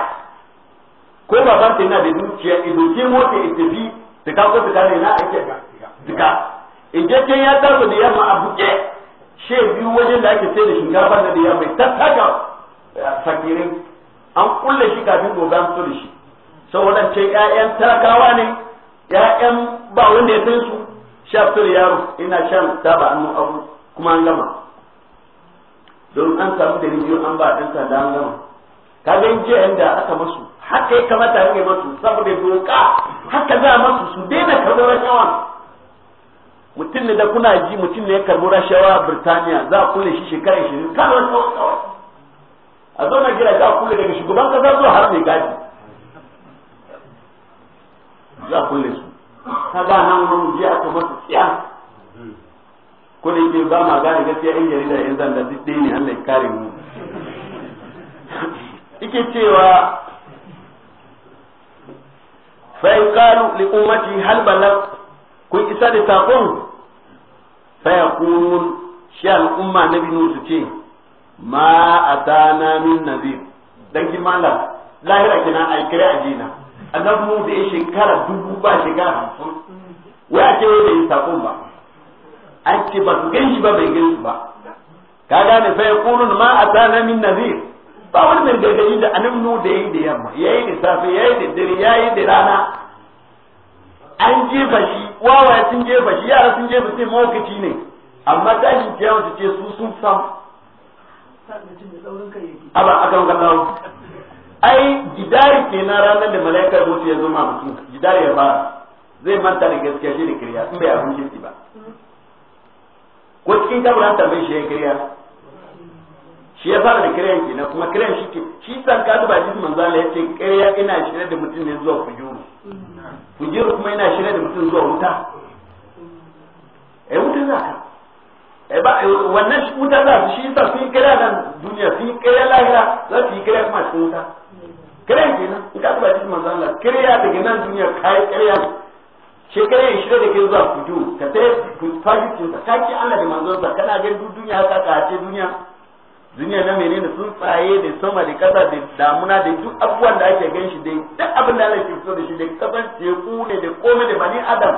ko ba ta ina da dukiya idoke mota ita tafi ta kawo ta kare na ake duka in je ya tarzo da yamma a buke she biyu wajen da ake sai da shinkafa da yamma ta taka sakirin an kulle shi kafin gobe an fito da shi saboda ce ƴaƴan talakawa ne ƴaƴan ba wanda ya san su sha fito da yaro ina shan taba annu abu kuma an gama don an samu da biyu an ba ɗan sanda an gama ka ga jiya da aka masu haka ya kamata ya masu saboda doka haka za a masu su daina karɓar rashawa mutum ne da kuna ji mutum ne ya karɓi rashawa a Birtaniya za a kulle shi shekara 20 kawai kawai a zo Najeriya za a kulle daga shugaban kasa zuwa har mai gadi za a kulle su ta ga nan wani jiya aka masa tsiya ko da yake ba ma gane gaskiya yan jarida yan zanda duk ɗaya ne Allah ya kare mu ike cewa fa in qalu li ummati hal balag kun isa da taqon fa yaqulun shi al umma nabi nusu ce ma atana min nazir dan ki mala lahira kina ai kare ajina annabi mu da shekara dubu ba shekara hamsin wai a ce bai sakon ba an ce ba su ganshi ba bai ganshi ba ka gane fa yaqulun ma atana min nazir ba wani mai gargaɗi da annabi nu da yayi da yamma yayi da safe yayi da dare yayi da rana an jefa shi wawaye sun jefa shi yara sun jefa sai mawakaci ne amma tashin kiyama ta ce su sun samu aba akan kallawo ai jidari kenan ranar da malaikar mutu ya zo ma mutum jidari ya fara zai manta da gaskiya shi da kiriya in bai abin kirki ba ko cikin kabarin tambayi shi ya kiriya shi ya fara da kiriyan kenan kuma kiriyan shi ke shi san ka duba jikin manzo Allah yace kiriya ina shirye da mutum ne zuwa fujuru mm-hmm. fujuru kuma ina shirye da mutum zuwa wuta eh wuta za ka Eh, eh, wannan wuta za su shi sa sun kira nan duniya sun kira lahira za su yi kira kuma cikin wuta kira ke nan in ka tuba cikin manzo Allah kira daga nan duniya kai kira shi kira ya shiga da ke zuwa fito ka tare fajikin sa kaki Allah da manzo sa kana gani ga duniya haka ka ce duniya duniya na menene sun tsaye da sama da kasa da damuna da duk abubuwan da ake gan shi dai duk abin da Allah ke fito da shi da kasan teku ne da komai da bani adam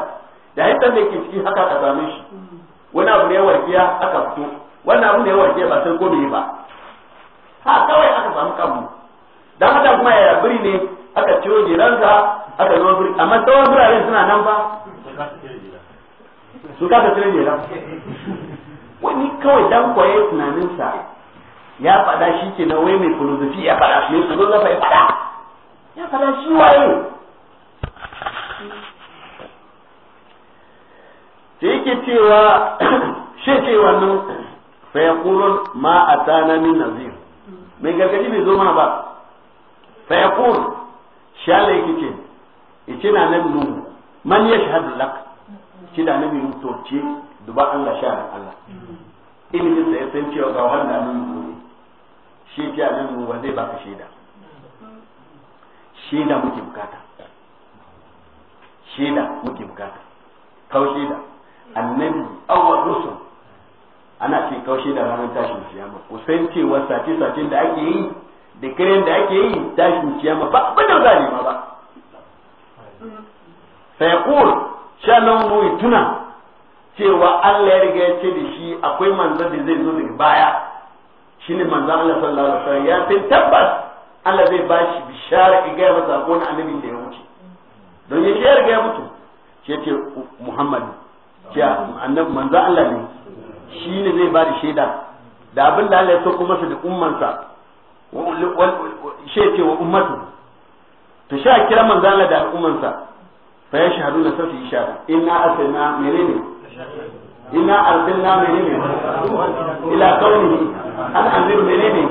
da haifar da ke ciki haka ka same shi wani abu ne ya warkiya aka fito wani abu ne ya warkiya ba sai gobe ba ha kawai aka samu kanmu dan haka kuma ya biri ne aka ciro jiransa aka zo biri amma tsawon biraren suna nan ba su kasa cire jiran wani kawai dan kwaye tunaninsa ya fada shi ke na wai mai filosofi ya fada su zo zafa ya fada ya fada shi waye yake cewa shi ce wannan fa yaqulun ma atana min nazir mai gargaji bai zo mana ba fa yaqul shi Allah yake ce yace na nan nu man yashhad lak shi da nabi to ce duba ga sha Allah ilimin da ya san cewa ga wannan nan gobe shi ce nan mu ba zai baka shaida shaida muke bukata shaida muke bukata Kau shida. annabi awwal rusul ana ce kaushe da ranar tashin kiyama ku san cewa sace sace da ake yi da kiran da ake yi tashin kiyama ba abin da ma ba sai qul sha nan mu tuna cewa Allah ya riga ya ce da shi akwai manzo da zai zo daga baya shine manzo Allah sallallahu alaihi wasallam ya san tabbas Allah zai bashi bishara ga ya masa gona da ya wuce don ya riga ya mutu ce ce muhammad. cewa annabi manzo Allah ne shi ne zai ba da shaida da abin da Allah ya kuma masa da ummansa shi ce wa ummatu to sha kira manzo Allah da ummansa fa ya shahadu na safi ishara inna asalna menene inna arsalna menene ila qaumihi an anzir menene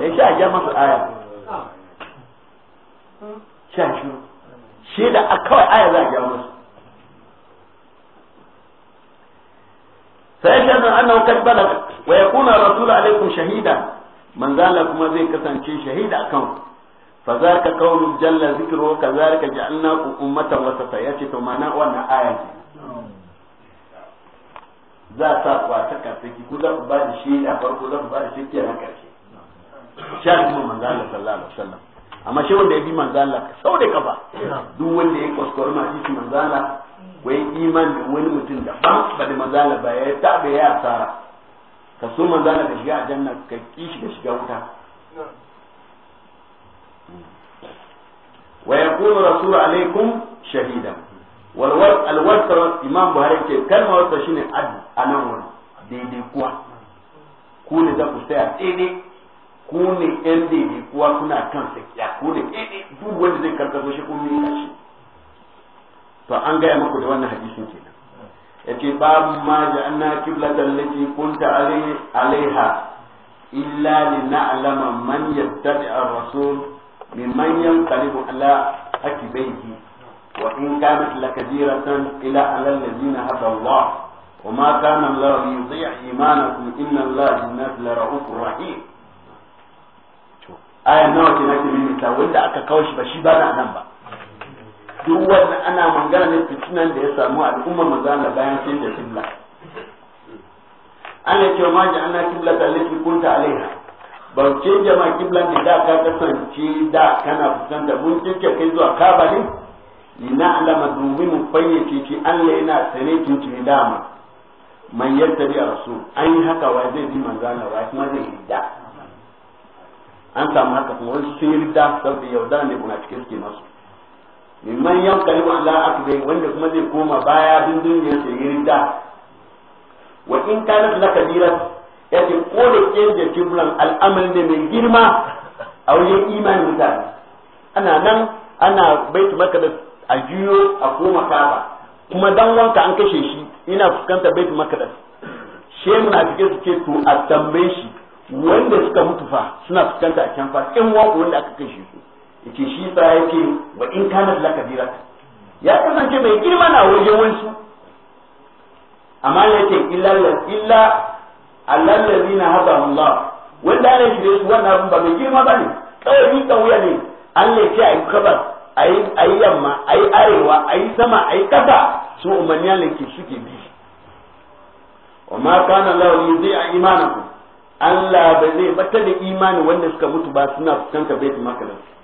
ya sha ja masa aya sha shi shaida kawai aya za a ja masa فيشهد انه قد بلغ ويكون الرسول عليكم شهيدا من ذلك كما زي كسانشي شهيد اكن فذاك قول جل ذكره كذلك جعلناكم امه وسطا ياتي تو وانا wannan aya za ta kwata kafe ki ku za ku ba da shi a farko za ku ba da shi ke sha kuma manzo Allah sallallahu alaihi amma shi wanda ya bi manzo Allah sau da kafa duk wanda ya kuskure ma shi manzo wai iman da wani mutum da ban ba da manzala ba ya taɓa ya asara ka so manzala ka shiga janna ka ki da shiga wuta wa yakunu rasul alaikum shahida wal alwasar imam buhari ke kalma wasa shine ad anan wani daidai kuwa ku ne za ku tsaya daidai ku ne yan daidai kuwa kuna kan sakiya ku ne daidai duk wanda zai karkaso shi kuma yi shi to an gaya muku da wannan hadisin kenan yace babu ma ja'anna kunta alaiha illa lina'lama man yattabi ar-rasul yanqalibu ala wa in kanat ila alal ladina hada Allah wa ma kana Allah imanakum inna Allah rahim aya nawa wanda aka kawo shi ba shi ba nan ba duk wannan ana magana ne fitinan da ya samu a al'umma maza mazana bayan sai da kibla an ya ce ma ji ana kibla ta lafi kunta alaiha ba ce jama kibla da da ka kasance da kana fitanta mun kike kai zuwa kaba ne lina alama domin mu fayyace ce Allah yana sane ki dama man yartabi rasul an yi haka wa zai bi mazana wa kuma zai yi da an samu haka kuma wani sun yi da yau da ne kuna cikin suke masu mimman yankari wa Allah bai wanda kuma zai koma baya bin duniya sa yi ridda wa in kanat la kabira yace ko da ke da jumlan al'amal ne mai girma a wajen imanin mutane ana nan ana baitu makadas a juyo a koma kafa kuma dan wanka an kashe shi ina fuskantar baitu makadas she munafike su ce to a tambaye shi wanda suka mutu fa suna fuskanta a can fa in wanda aka kashe su yake shi sa yake wa in kana la kabira ya kasance mai girma na waje wansu amma yake illa illa allazina hada Allah wanda ne shi su wannan abin ba mai girma bane kawai ni kan wuya ne Allah ya ce ai kabar ai ai yamma ai arewa ai sama ai kasa su umanni Allah ke suke bi wa ma kana Allah yudhi'a imanakum Allah ba zai bata da imani wanda suka mutu ba suna fuskantar baitul maqdis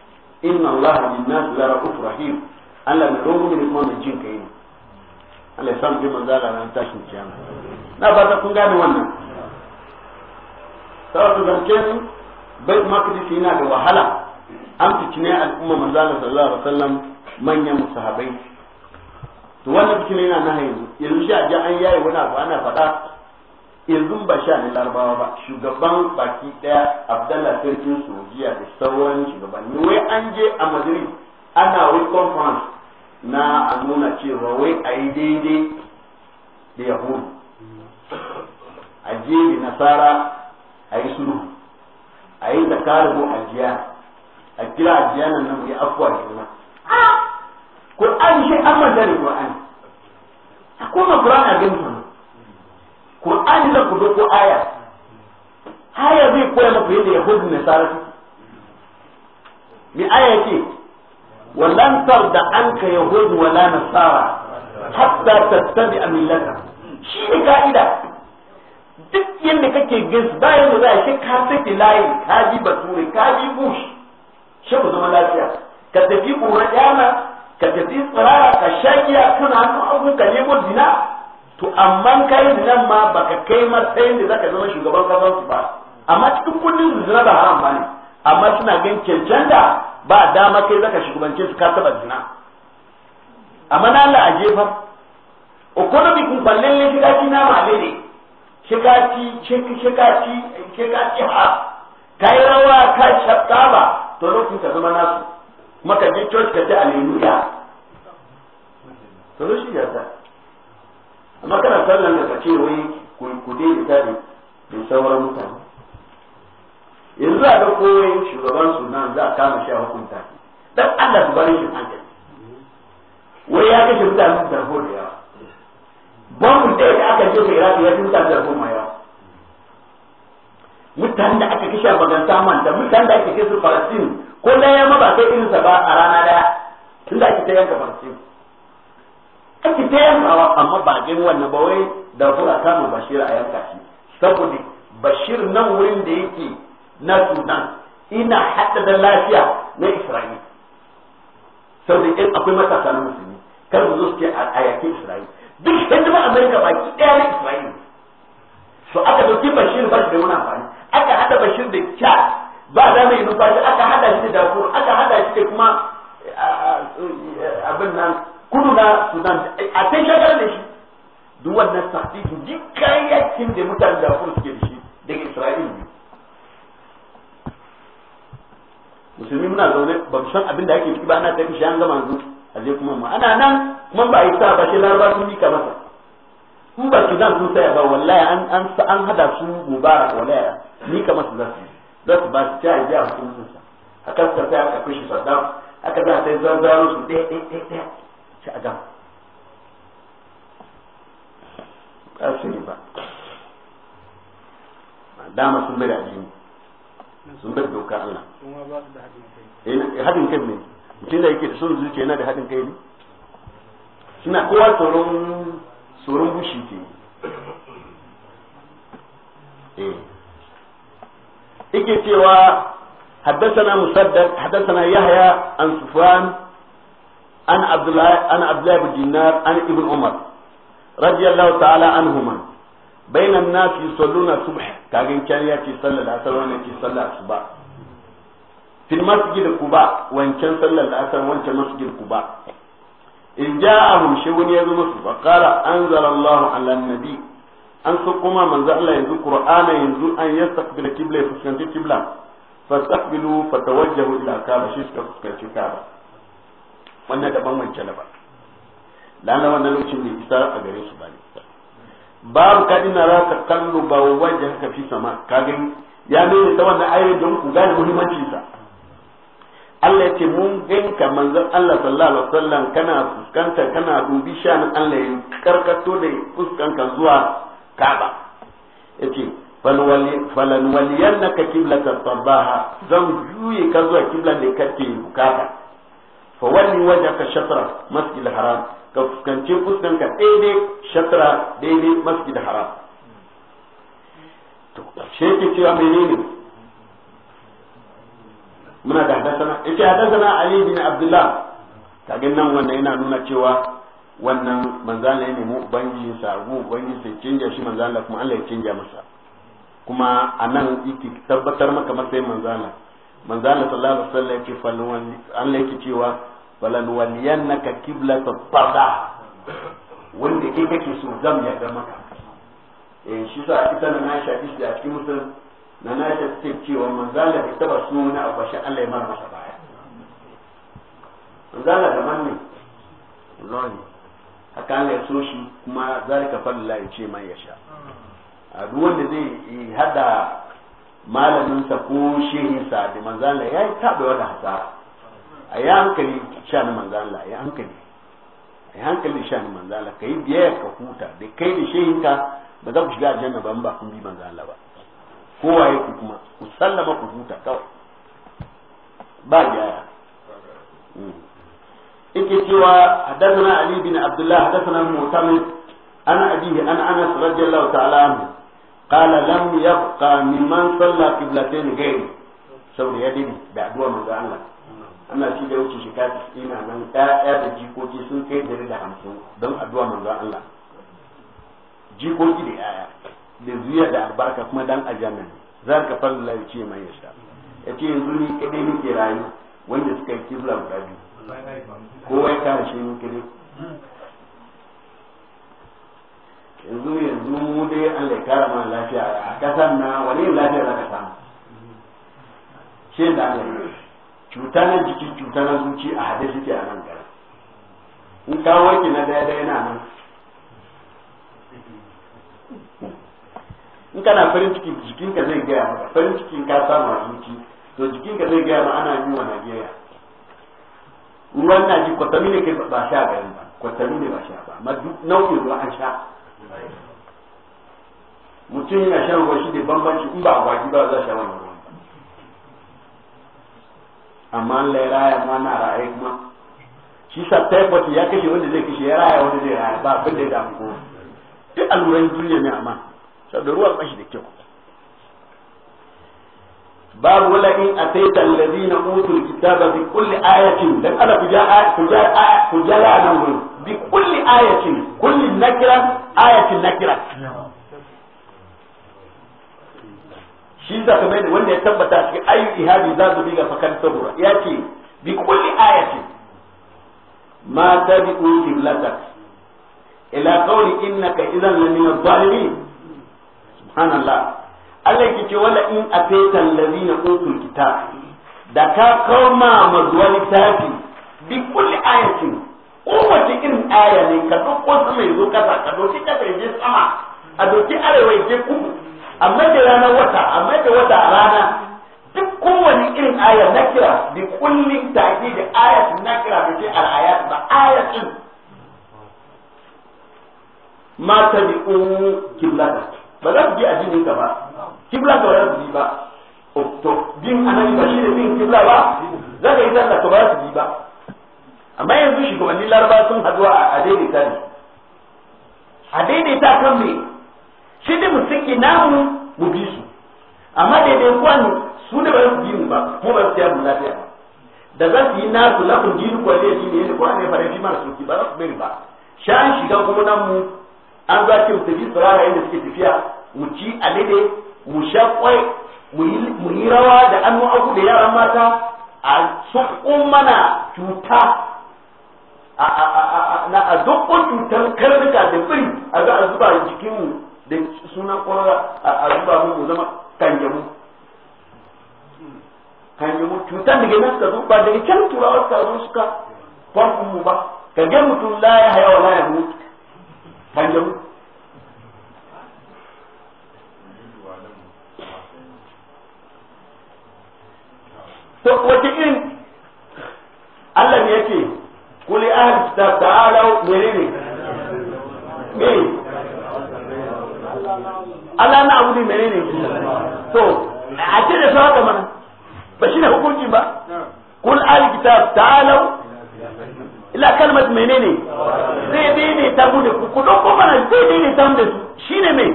inna Allah lin nas la rahmatur rahim Allah mai rogo ne kuma mai jin kai ne Allah ya samu bi manzo Allah ran tashin kiyama na ta kun gane wannan sai ku zance ni bait maqdis yana da wahala an fitine al'umma manzo Allah sallallahu alaihi wasallam manyan sahabbai to wannan fitine yana nahayi yanzu yanzu shi a ji an yayi wani abu ana faɗa yanzu ba sha ne larabawa ba shugaban baki daya abdallah sarkin sojiya da sauran shugabanni wai an je a madrid ana wai conference na a nuna cewa wai a yi daidai da yahudu a je da nasara a yi suru a yi zakaribu ajiya a kira a nan nan mai afuwa juna ko an shi an madari ko an a koma kuran a gamsu Kur'ani da ku doko aya aya zai koya muku yadda yahudu ne sara su mi aya ce wallan tar da an ka yahudu wala nasara hatta tattabi millata shi ne ka'ida duk yadda kake gins bayan da zai shi ka saki layi ka bi bature ka bi bush shi ku zama lafiya ka tafi ƙura ka tafi tsirara ka shagiya kuna hannu abu ka nemo zina to amma kai nan ma baka kai matsayin da zaka zama shugaban kasar su ba amma cikin kudin zina ba haram ba ne amma suna gan cancanta ba dama kai zaka shugabance su ka taba zina amma na Allah a jefa bi kun ballen ne shiga ci na male ne shiga ki shiga ci shiga ki ha kai rawa ka shakka ba to lokacin ka zama nasu maka je church ka ji hallelujah to shi ya ta amma kana sallan da kace wai kulkude da dai da sauran mutane yanzu a dauko wai shugaban sunan za a kama shi a hukunta dan Allah su bari shi hankali wai ya kashe mutane da darbo da yawa bombun ɗaya da aka jefa iraki ya fi mutane da darbo mai yawa mutane da aka kashe a baganta man da mutane da aka kashe su farasin, ko ɗaya ma ba irin irinsa ba a rana ɗaya tun da ake ta yanka farasin. ake ta yankawa amma ba gin wannan ba wai da fura ma bashir a yanka shi saboda bashir nan wurin da yake na sudan ina da lafiya na isra'ila saboda in akwai matasa na musulmi kan mu zo su ce a yakin isra'ila duk hidima amerika baki daya na isra'ila so aka dauki bashir ba shi da wani amfani aka hada bashir da kya ba da mai numfashi aka hada shi da dafur aka hada shi da kuma abin nan kudu na sudan eh, a ta shagar da shi duk wannan tahdidu duk kayayyakin da mutane da kuma suke da shi daga isra'il ne musulmi muna zaune ba mu san abin da ake ciki ba ana tafi shi an gama yanzu a je kuma ma ana nan kuma ba a yi sa ba shi laraba sun yi kamata kun ba zan sun saya ba wallahi an an an hada su mubarak wallahi mika su za su za su ba su ta yi a hukuncin sa haka suka saya kafin shi saddam aka za ta yi zanzaro su ɗaya ɗaya ɗaya ci a gama ba su ne ba dama sun bai da addini sun bai doka Allah eh, eh, haɗin kai ne mutum da yake da son zuciya yana da haɗin kai ne suna kowa tsoron tsoron bushi ke eh yake cewa حدثنا مسدد حدثنا يحيى عن سفيان an abdullahi dinar an ibn umar radiyallahu ta'ala anhuma bainan nasi salluna subh kagan can ya ce sallar asar wannan ce sallar asuba fil masjid quba wancan sallar asar wancan masjid quba in ja'ahum shi wani yazo musu fa qala anzala Allahu ala nabi an so kuma manzo Allah yanzu qur'ana yanzu an yastaqbil qibla fuskanti qibla fastaqbilu fatawajjahu ila kaaba shi suka fuskanci kaaba wannan daban wancan ba lana wannan lokacin da isa a gare su ba ne babu ka na ra ka kallo ba wajen ka fi sama ka gani ya nuna ta wannan ayar don ku gane muhimmancin sa Allah ya ce mun ganka manzon Allah sallallahu alaihi wasallam kana fuskanta kana dubi shanin Allah ya karkato da fuskanka zuwa Ka'aba yace falan waliyannaka kiblatan tabaha zan juye ka zuwa kiblan da kake bukata fa walli wajhaka shatra masjid haram ka fuskance fuskanka daidai shatra daidai masjid haram to shi ke cewa menene muna da hadasana ita hadasana ali bin abdullah kage nan wannan yana nuna cewa wannan manzala ya nemi ubangiji sa mu ubangiji sai canja shi manzala kuma Allah ya canja masa kuma anan yake tabbatar maka matsayin manzala manzala sallallahu alaihi wasallam yake falwan Allah yake cewa kibla ta tarda wanda ke kake so zan ya ga maka eh shi sa ita na na shafi shi a cikin musulun na na ta ce cewa manzala da taba suna a bashi Allah ya mara masa baya manzala da manni zoni haka Allah ya so shi kuma zalika fallah ya ce man yasha a duk wanda zai hada malamin sa ko shehin sa da manzala yayi tabewa da hasara a yi hankali shanin manzo Allah ya hankali a yi hankali shanin manzo Allah ka yi biyayya ka huta da kai da shehinka ba za ku shiga aljanna ba ba kun bi manzo Allah ba kowa ya ku kuma ku sallama ku huta kawai ba biyayya hmm. yake cewa hadathana ali bin abdullah hadathana mu'tamid ana abihi an anas radiyallahu ta'ala anhu qala lam yabqa mimman salla qiblatayn ghayri saboda ya dabi da addu'a manzo Allah ana shi da wuce shekara tisina nan ɗaya da jikoki sun kai dari da hamsin don addu'a manzon Allah jikoki da yaya da zuya da albarka kuma dan aljanna za ka fara da ce mai yasta ya ce yanzu ni kadai nake rayu wanda suka yi kibla guda biyu kowa ya kare shi ni kadai yanzu yanzu mu dai Allah ya kara mana lafiya a kasan na wani lafiya za ka samu shi da Allah ya cuta na jiki cuta na zuci a hade suke a nan gari in kawo warke na daya daya na nan in kana farin ciki jikinka zai gaya maka farin cikin ka samu a zuci to jikinka zai gaya ma ana yi wa najeriya ruwan na ji kwatami ne kai ba sha gari ba kwatami ne ba sha ba ma duk nau'in ruwa an sha mutum yana shan ruwa shi da bambanci in ba a ba za sha wani ruwa amma Allah ya raya ma na raye kuma shi sa taifot ya kashe wanda zai kashe ya raya wanda zai raya ba abin da ya damu ko duk alluran duniya ne amma saboda ruwa kashi da kyau babu wala in ataita alladhina utul kitaba bi kulli ayatin dan ala kuja kuja kuja la nan bi kulli ayatin kulli nakira ayatin nakira shi za ka bayyana wanda ya tabbata cikin ayu ihabi za su bi ga fakan sabura ya ce bi kulli ayati ma tabi'u qiblatak ila qawli innaka idan la min adh-dhalimin subhanallah Allah yake ce wala in ataita allazina utul kitab da ka kauma mazuwa littafi bi kulli ayatin kowace irin aya ne ka duk wasu mai zo kasa ka doki kasa ya je sama a doki arewa ya ku. amma da ranar wata amma da wata a rana duk kowane irin ayar na kira da kullum take da ayat na kira da ce al'ayat ba ayat din ma ta bi Kibla kiblata ba za su ji addinin ka ba kiblata ba za su ji ba oh, to bin annabi ba shi ne bin kibla ba za ka yi sallah to ba za su ji ba amma yanzu shugabannin laraba sun haduwa a daidaita ne a daidaita kan me shi da mu sake namu mu bi su amma daidai kwan su ne ba su bi mu ba mu ba su yi lafiya ba da za su yi nasu na kun dinu kwalle shi ne ne kwan ne fara fi mara suki ba za su bari ba shan shiga gonan mu an za ki tafi tsirara inda suke tafiya mu ci alade mu sha kwai mu yi rawa da annu aku da yaran mata a sukun mana cuta na a dukkan cutar karnuka da biri a za a zuba jikinmu da suna kwarar a azuba mu mu zama kanjamu kanjamu cutar da gina suka zo ba daga can turawa suka zo suka kwankun mu ba ka ga mutum la ya haya wa la ya mutu kanjamu to wace irin mene ne to a ce da su haka mana ba shi ne hukunci ba kul al kitab ta'alu ila kalmat ne zai bi ne ta mu da ku ku dauko mana zai bi ne ta mu su shine me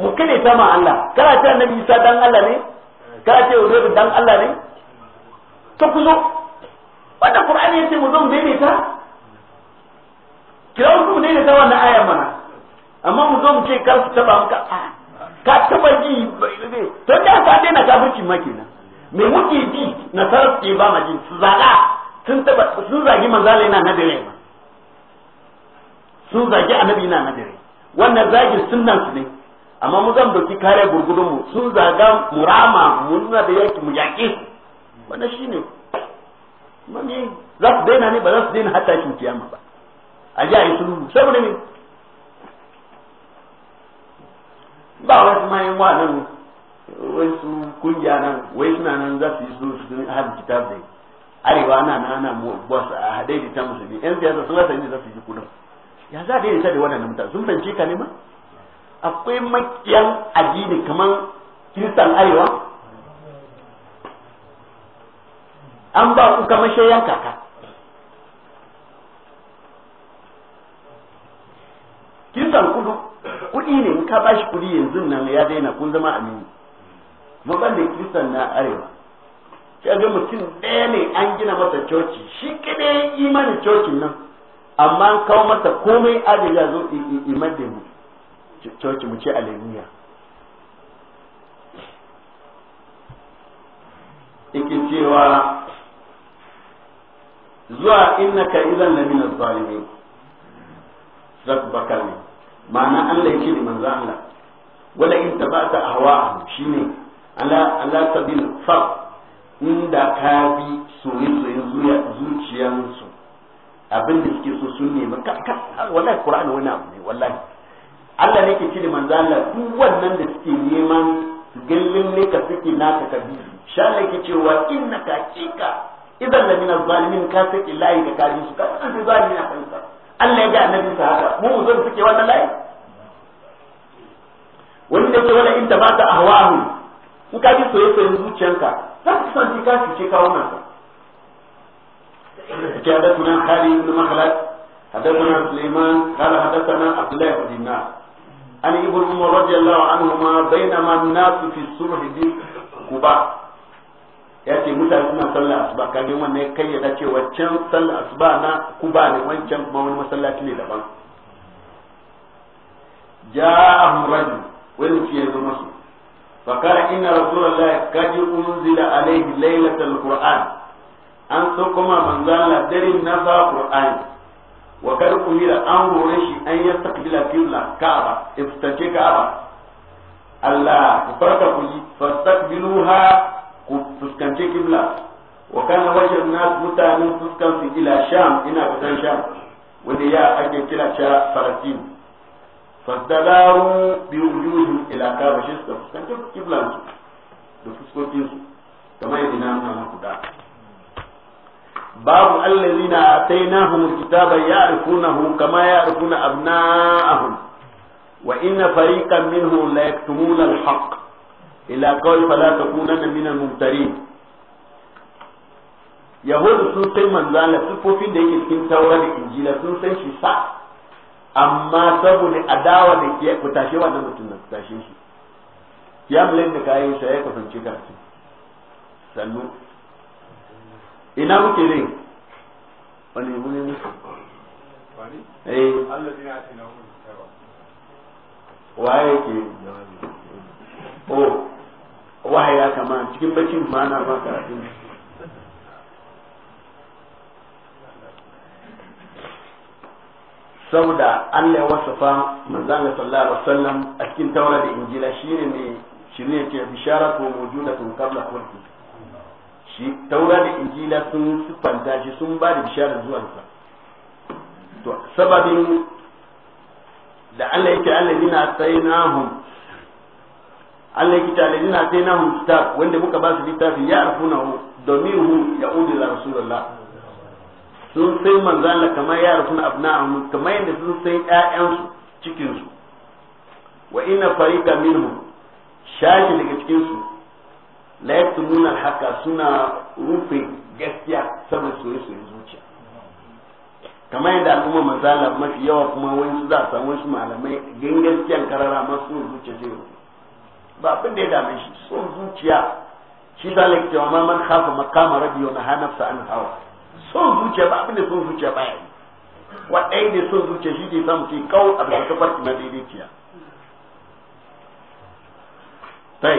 mu kade ta ma Allah kana ce annabi Isa dan Allah ne kana ce Uzairu dan Allah ne to ku zo wannan Qur'ani yace mu zo mu ne ta daidaita kirawo ne ta wannan ayar mana amma mu zo mu ce kar su taba muka a'a ka taba ji to da ka daina kafirci ma kenan me muke ji nasarar ke ba ma jin su zaga sun taba sun zagi manzala yana na dare ma sun zagi annabi yana na dare wannan zagin sunnan su ne amma mu zan doki kare gurgudun mu sun zaga murama mun na da yake mu yake wannan shine mami za su daina ne ba za su daina hatta shi kiyama ba a ji a yi sulhu saboda ne ba wasu mayan wa nan wasu kungiya nan wai suna nan za su yi su su hada kitab da arewa na na na mu boss a hadai da ta musulmi yan siyasa sun rasa yi za su yi kudin ya za da yasa da wannan mutane sun bance ka ne ma akwai makiyan addini kamar kiristan arewa an ba ku kamar shayan kaka kiristan kudu kuɗi ne in ka bashi kuɗi yanzu nan ya daina kun zama amini maban da kiristan na arewa sai ga mutum ɗaya ne an gina masa coci shi kaɗai imani cocin nan amma an kawo masa komai ya zo iman da mu coci mu ce alemiya ikin cewa zuwa innaka idan zalimi zaku Bakar ne ma'ana Allah ya ce da manzo Allah wala in tabata ahwa shine ala ala sabil far inda ka bi soyayyen su abin da suke so sun nemi wallahi qur'ani wani abu ne wallahi Allah ne ke cire manzo Allah duk wannan da suke neman gillin ne ka suke naka ka bi sha Allah ke cewa innaka hakika idan lamina zalimin ka saki layi ka kaji su ka san zalimin a kansa Allah ya ga annabi sa haka mu mu zo mu suke wannan layi wani da ke wani inda ba ta a hawa mu in ka ji soyayyen zuciyarka za ka san ka fice ka wannan sa ke da kuma hali ibn mahalat hadathana sulaiman kana hadathana abdullahi ibn dinar an ibn umar radiyallahu anhu ma bainama an-nas fi as-surh bi quba ya ce mutane suna sallah asuba kage wannan ya kayyada cewa can sallah asuba na ba ne wancan kuma wani masallaci ne daban ja'ahum rajul wani ce yazo masu. fa kana inna rasulullahi kaji unzila alaihi lailatul qur'an an so kuma manzala darin na fa qur'an wa kad umira an hore shi an takbila qibla ka'aba iftaje ka'aba Allah ku farka ku yi fastaqbiluha ku fuskanci kibla wa kana wajen na mutanen fuskansu ila sham ina fitan sham wanda ya ake kira ta falatin fasdalaru bi wujuhi ila kaba shi suka fuskanci kiblan su da fuskokin su kamar yadda na nuna muku da babu allazina atainahum alkitaba ya'rifunahu kama ya'rifuna abna'ahum wa inna fariqan minhum la yaktumuna alhaqq ila kawai fala ta kuna na minan mumtari yahudu sun sai manzala sufofin da yake cikin taura da injila sun san shi sa amma saboda adawa da ke ku tashe wannan mutum nan tashe shi ya mulan da kayan sa ya kasance ka sannu ina muke ne wani ne mun eh waye wahaya kama cikin bacin ma na ma karatu saboda Allah ya wasafa manzon Allah sallallahu alaihi wasallam a cikin Taurat da Injila shine ne shine ke bishara ko mujudatun kabla khalqi shi Taurat da Injila sun sifanta shi sun ba da bishara zuwa sa to sababin da Allah yake Allah yana sayyinahum Allah yake tale ina sai na hun kitab wanda muka ba su littafi ya arfuna hu domin hu ya udi la rasulullah sun sai manzo Allah kamar ya arfuna hu kamar yadda sun sai su cikin su wa inna fariqa minhum shaji daga cikin su la yaktumuna al suna rufe gaskiya saboda soyayya zuciya kamar yadda al'umma manzo Allah mafi yawa kuma wani za su samu wasu malamai cikin karara masu zuciya sai ba abin da ya dame shi son zuciya shi zalik ke ma man khafa makama rabbi wa naha nafsa an hawa son zuciya ba abin da son zuciya ba yi wa ɗaya ne son zuciya shi ke samu ke kawo a bisa kuma daidai daidaiciya tai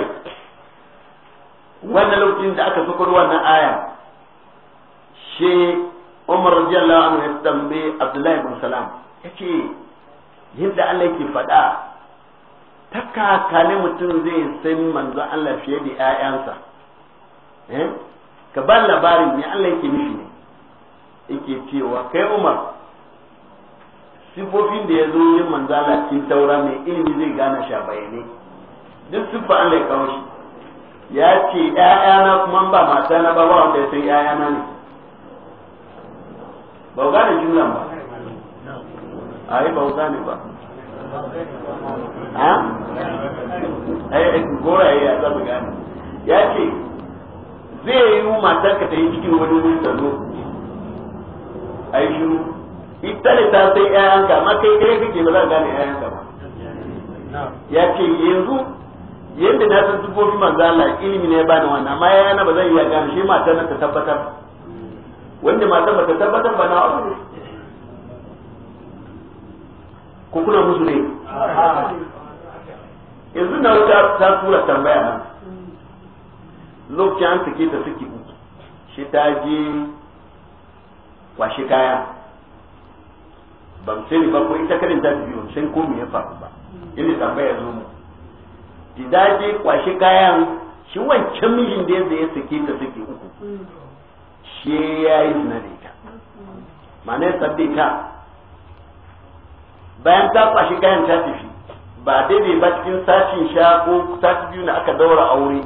wannan lokacin da aka sukar wannan aya shi Umar radiyallahu anhu ya tambaye Abdullahi bin Salam yace yadda Allah yake faɗa ta kakane mutum zai san manzo Allah fiye da ƴaƴansa eh ka ba labarin me Allah yake nufi ne yake cewa kai Umar sifofin da ya zo manzo Allah cikin taura mai ilimi zai gane sha bayane duk siffa Allah ya kawo shi ya ce ƴaƴana kuma ba mata na ba ba wanda ya san ƴaƴana ne ba gane jumlan ba ai ba gane ba ha ai goraye ya zama gane ya ce zai yi matar ka ta yi cikin wani wani sanu a yi shiru ita ne ta sai ƴaƴan ka amma kai kai kake ba za ka gane ƴaƴan ka ba ya ce yanzu yadda na san tubofi manzo Allah ilimi ne ba da wannan amma ƴaƴana ba zan iya gane shi matar ta tabbatar wanda matar ba ta tabbatar ba na aure ko kuna musu ne yanzu na wuta ta tura tambaya nan lokacin an sake ta suke uku shi ta je kwashe kaya ban sai ba ko ita karin ta biyu sai ko me ya faru ba ina tambaya zo mu ki daje kwashe kayan shi wancan mijin da yadda ya sake ta suke uku shi ya yi zina da ita ma'ana ya sabbe ta bayan ta kwashi kayan ta tafi ba daidai ba cikin sashin sha ko sati biyu na aka daura aure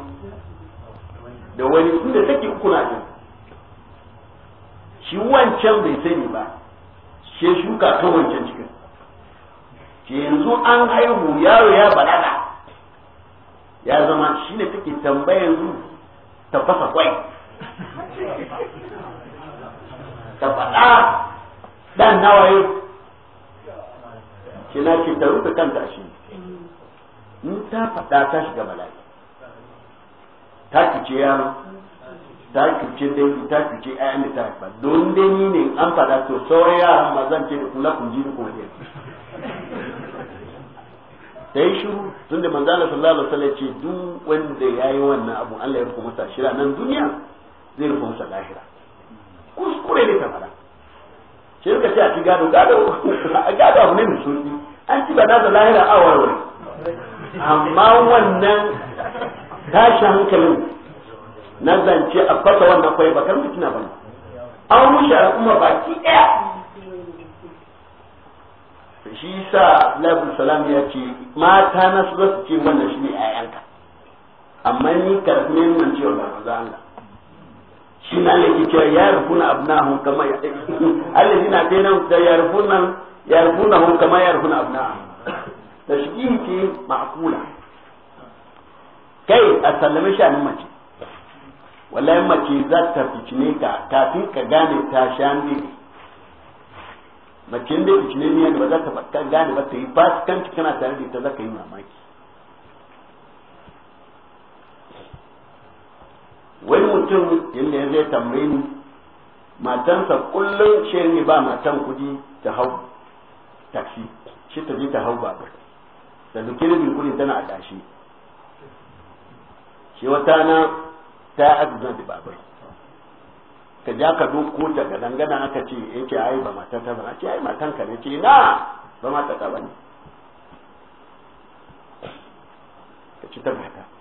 da wani inda take uku na jin shi wancan bai sani ba she shuka ta wancan cikin ke yanzu an haihu yaro ya balaga ya zama shi ne take tambaya yanzu ta fasa kwai ta faɗa dan nawaye kina na ce ta rufe kanta a shi in ta faɗa ta shiga bala'i ta kice yaro ta kice dangi ta kice ayan da ta haifa don dai ni ne an faɗa to sauran yaran ma zan ce da kula kun ji ni kuma ne ta yi shiru tunda manzala sallallahu alaihi wasallam ce duk wanda yayi wannan abu Allah ya rufe masa shira nan duniya zai rufe masa lahira kuskure ne ta faɗa sai ka ce a ci gado gado a gado abu ne mai sauki an ci ba da lahira a warware amma wannan tashi hankalin na zance a fasa wannan kwai bakar mutuna ba an rushe al'umma baki ɗaya shi sa labu salam ya ce mata na su ce wannan shi ne 'ya'yanka amma ni karfin mun cewa ba za Allah shi na lagi cewa ya rufuna abnahum kama ya allazi na kai nan da ya rufuna ya rufuna hum kama ya rufuna abnahum tashbihi ce ma'qula kai a sallame shi a anan mace wallahi mace za ta ficine ka kafin ka gane ta shande mace inda ficine ne ba za ta gane ba ta yi kanci kana tare da ita za ka yi mamaki wai mutum yadda ya zai tambayi ni matansa kullum ce ni ba matan kudi ta hau taksi shi ta je ta hau babur da zikirin bin tana a tashi shi wata na ta azuna da babur ka ja ka doko daga ga dangana aka ce yake eh, ai ba ta ba ce ai ka ne ce na ba ta ba ne ka ci ta mata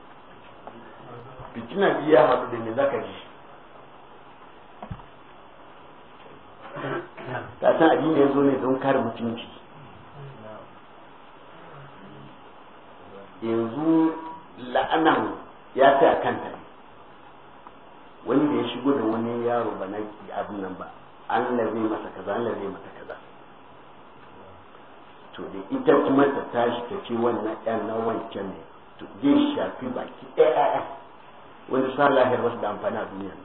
fitina ya haɗu da me zaka ji ka san addini ya zo ne don kare mutunci yanzu la'anan ya fi a kanta ne wani ya shigo da wani yaro ba na abin nan ba an zai masa kaza an zai masa kaza to da ita kuma ta tashi ta ce wannan ɗan na wancan ne to zai shafi baki ɗaya wanda sa lahir wasu da amfani a duniya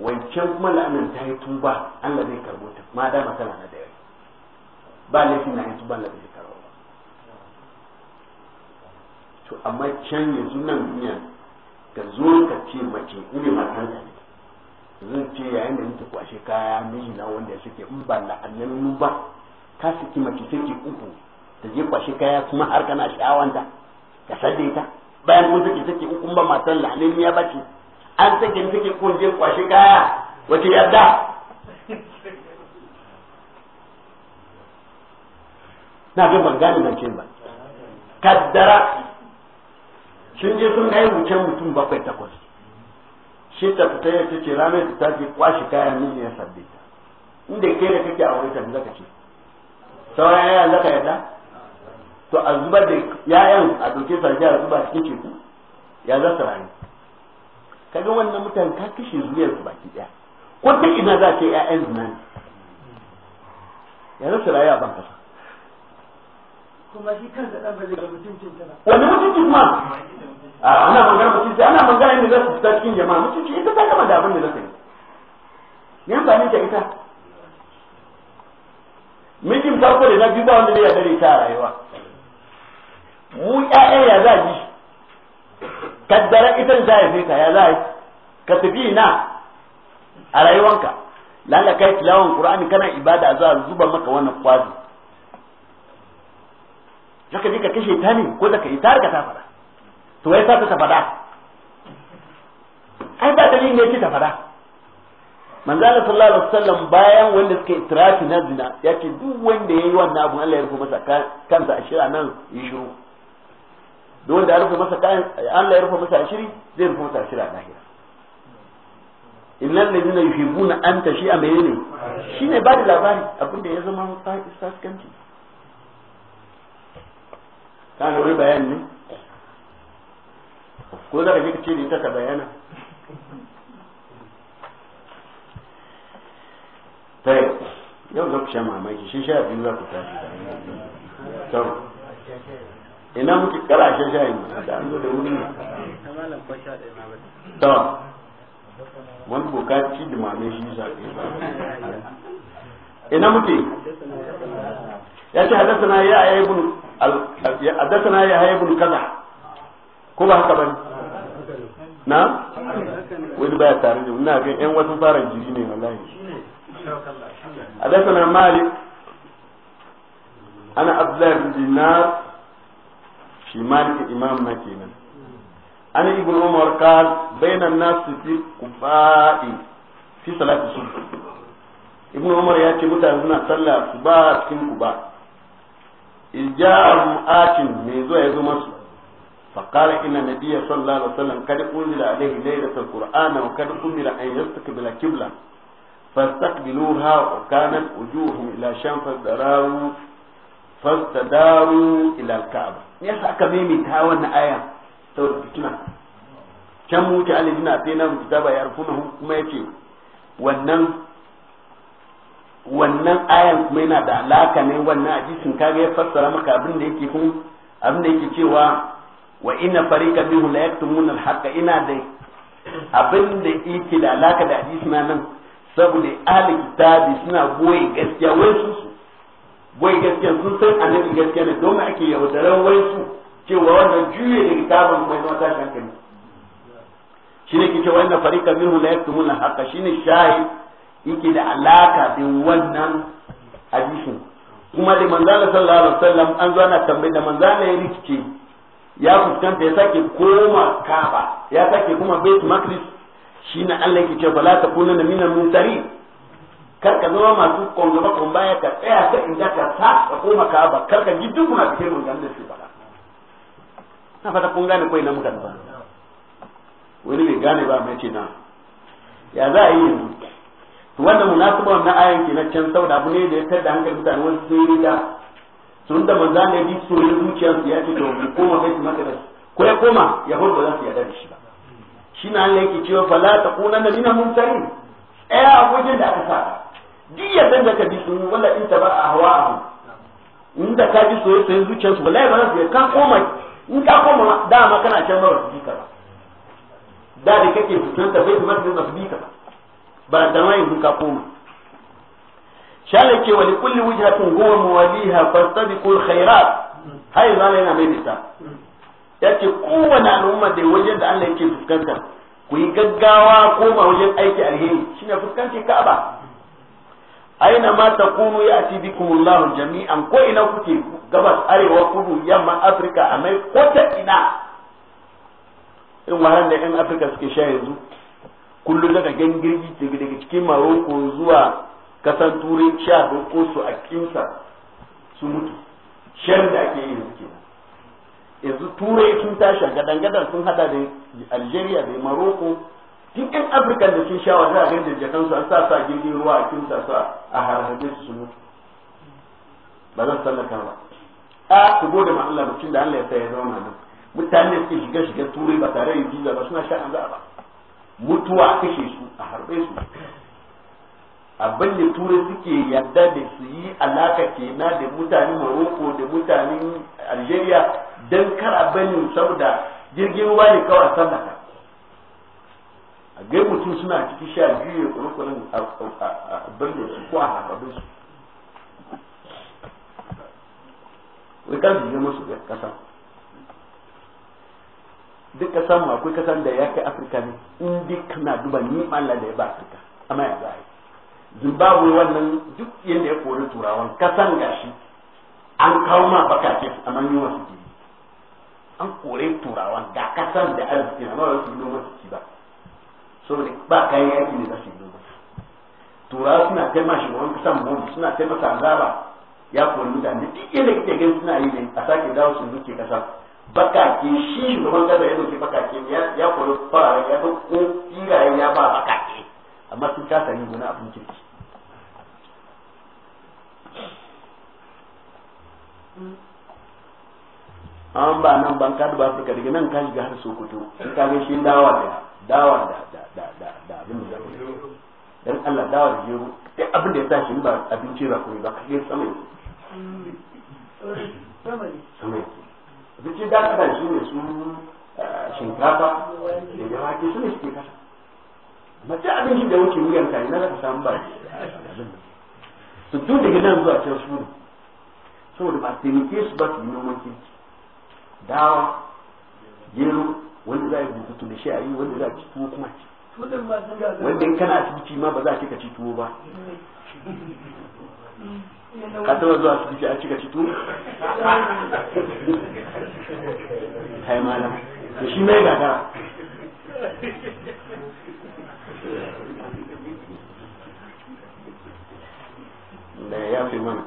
wancan kuma la'anin ta yi tuba Allah zai karbo ta ma da matsala na da yau ba laifin na yi tuba Allah zai karbo ba to amma can yanzu nan duniya ka zo ka ce mace ina matanka ne zan ce yayin da nake kwashe kaya miji na wanda ya suke in ba la'anin ba ka saki mace take uku ta je kwashe kaya kuma har kana sha'awanta ka san da ita bayan kun take take ko ba matan lahalin ya bace an take ni take ko je kwashi kaya wace yadda na ga ban gani nan ce ba kaddara sun je sun kai wucen mutum bakwai takwas shi ta fita ya ce ranar ta ce kwashi kaya miji ya sabbe ta inda ke da kake aure ta zaka ce sauran yayan zaka yadda to a zubar da yayan a dauke sa a zuba cikin teku ya za su rayu kaga wannan mutane ka kashe zuriyar su baki ɗaya. ko ta ina za ce yayan zina ne ya za su rayu a ban kasa kuma shi kansa dan ba zai ga mutuncin ta wani mutunci kuma ana magana mutunci ana magana inda za su fita cikin jama'a mutunci ita ta gama da abin da za ta yi ne ba ni da ita mijin farko da na biyu ba wanda ne ya dare ta a rayuwa mu ƴaƴan ya za yi kaddara ita za ya ka ya za yi ka tafi na a rayuwanka lalla kai tilawan qur'ani kana ibada za a zuba maka wannan kwazi zaka je ka kashe ta ne ko zaka yi tare ka ta fada to wai sa ta fada ai ba ta ne ki ta fada manzala sallallahu alaihi wasallam bayan wanda suka itirafi na zina ya ce duk wanda ya yi wannan abun Allah ya rufe masa kansa a shira nan yi shiru don wanda ya rufe masa kayan Allah ya rufe masa ashiri zai rufe masa ashiri a lahira innal ladina yuhibbuna an tashi a menene shine ba da labari abin da ya zama fasikanci ka ga wani bayani ne ko za ka je ka ce da ita ka bayana tayi yau za ku sha mamaki shi sha biyu za ku tashi to ina muke kara shi shayi da an zo da wuri to wani boka ci da mame shi sa ina muke ya ce hadasana ya ayyubun hadasana ya ayyubun kaza ko ba haka ba ne na wani baya tare da ina ga yan wasu fara jiri ne wallahi hadasana malik ana abdullah bin dinar shi malik imam na kenan an ibn umar qal bayna an fi fi salati ibn umar ya ce mutane suna sallah suba cikin quba ijaa mu'atin me zo ya zo masu فقال ان النبي صلى الله عليه وسلم alayhi انزل عليه ليله القران وقد امر ان يستقبل قبله فاستقبلوها وكانت وجوههم الى شام فضراروا fastadaru ila alka'aba ne yasa aka maimaita wannan aya saboda fitina can mu ta alijina sai na rubuta ba ya rufuna kuma yace wannan wannan ayan kuma yana da alaka ne wannan hadisin kage ya fassara maka abin da yake kun abin da yake cewa wa inna fariqa minhu la yaktumuna al ina da abin da yake da alaka da hadisin nan saboda ahli kitabi suna goye gaskiya wai su wai gaskiya sun san annabi gaskiya ne don ake yaudaran wai su cewa wannan juye da kitabin mai zama tashi hankali shi ne kike wannan farika minhu la yaktumun haqa shine shahi yake da alaka da wannan hadisin kuma da manzala sallallahu alaihi wasallam an zo ana tambaye da manzala ya rikice ya fuskanta ya sake koma kafa ya sake kuma bait maqdis shine Allah yake cewa bala takununa minan mumtarin kar ka zama masu kongaba kon baya ka tsaya ta in ka sa ka koma ka ba kar ka ji duk muna cikin mun da shi ba na fata kun gane kai na muka ba wani bai gane ba mai ce na ya za a yi yanzu to wannan munasaba wannan ayan ke na can saboda abu ne da ya tada hankali mutane wasu sun riga sun da manzo ne bi so ne zuciyarsu ya ce to mu koma kai maka da ko ya koma ya ba za su yarda da shi ba shi na Allah yake cewa fala mun tsari? mumtarin a abokin da aka sa duk san da ka bi su wala in ta ba a hawa a in da ka bi soyayya soyayya zuciyarsu wallahi ba za su ka koma in ka koma dama kana can ba su bika ba da da kake ta bai kuma ba su bika ba da ma yanzu ka koma shalake wa li kulli wujhatin huwa muwaliha fastabiqul khairat hay zalai na mai bisa yace kowane al'umma da wajen da Allah yake fuskanta ku yi gaggawa koma wajen aiki alheri shine fuskanci Ka'aba aina ma ya ya'ti bikum Allah jami'an ko ina kuke gabas arewa kudu yamma Afirka amai ko ta ina in wahalar da 'yan Afirka suke sha yanzu kullum daga gangirgi daga daga cikin Maroko zuwa kasan turai sha roƙo su a kinsa su mutu shan da ake yi suke yanzu turai sun tashi gadan-gadan sun hada da Algeria da Maroko duk yan afirka da sun sha wajen a da jakansu an sa sa jirgin ruwa a kin sa sa a harhaje su sun mutu ba zan sallaka ba a ku gode ma Allah mutum da Allah ya sa ya zauna nan mutane suke shiga shiga turai ba tare da visa ba suna sha an ba mutuwa kashe su a harbe su abin da turai suke yarda da su yi alaka kenan da mutanen Morocco da mutanen Algeria don kar a bani saboda jirgin ruwa ne kawai sallaka a gai mutum suna cikin sha biyu ya kurkurin a birnin su ko a harabin su wai kan su zama su kasa duk kasan mu akwai kasan da ya kai afirka ne in duk kana duba ni Allah da ya ba afirka amma ya za zimbabwe wannan duk yadda ya kori turawan kasan gashi an kawo ma baka ce amma yunwa wasu an kore turawan ga kasan da arziki amma ba su yi noma suke ba saboda ba kayan yaki ne za su yi turawa suna taimaka ma shugaban kasan bomu suna taimaka masa ya kuwa mutane duk yadda kike gani suna yi ne a sake dawo su zuke kasa bakake shi shugaban kasa ya dauki bakake ya kuwa fara ya ko tiraye ya ba bakake amma sun kasa yin wani abin kirki an ba nan ban kadu ba afirka daga nan ka shiga har sokoto in ka shi dawa da dawa da da da da abin da zaka dan Allah dawa da gero duk abin da ya sa shi ba abinci ba kuma ba ka yi sama ne sama ne abinci da aka shi ne su eh, shinkafa da yawa ke su ne suke kasa mace abinci da wuce wuyan kai na zaka samu ba su tun daga nan zuwa can su ne saboda ba taimake su ba su yi noman kirki dawa gero wanda za a yi bututu da shi a yi wanda za a ci tuwo kuma ci wanda in kana asibiti ma ba za a ci ka ci tuwo ba ka taba zuwa asibiti a ci ka ci tuwo kai malam to shi mai gagara da ya fi mana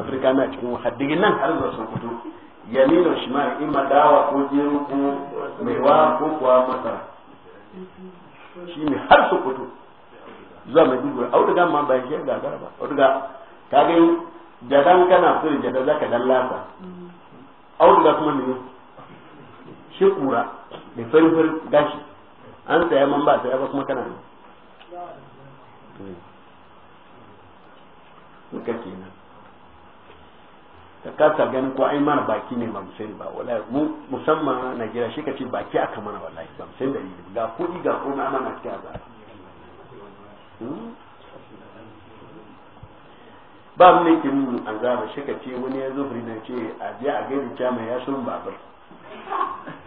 afirka na cikin wahadigin nan har zuwa sun fito yamino shimal ima dawa ko jeru ko maiwa ko kuwa masara shi ne har su zuwa mai dubu auduga ma ba shi gara ba auduga ka ga jadan kana so jadan zaka dan lasa auduga kuma ne shi kura da farfar gashi an saya man ba saya ba kuma kana ne ka kasa ganin ko ai mana baki ne ba musani ba wallahi mu musamman na gida shi ka ce baki aka mana wallahi ba musani da yi ga kuɗi ga ko na mana cikin azaba hmm? ba mu ne ke mun azaba shi ka ce wani ya zo na ce a je a gaida jama ya sun babur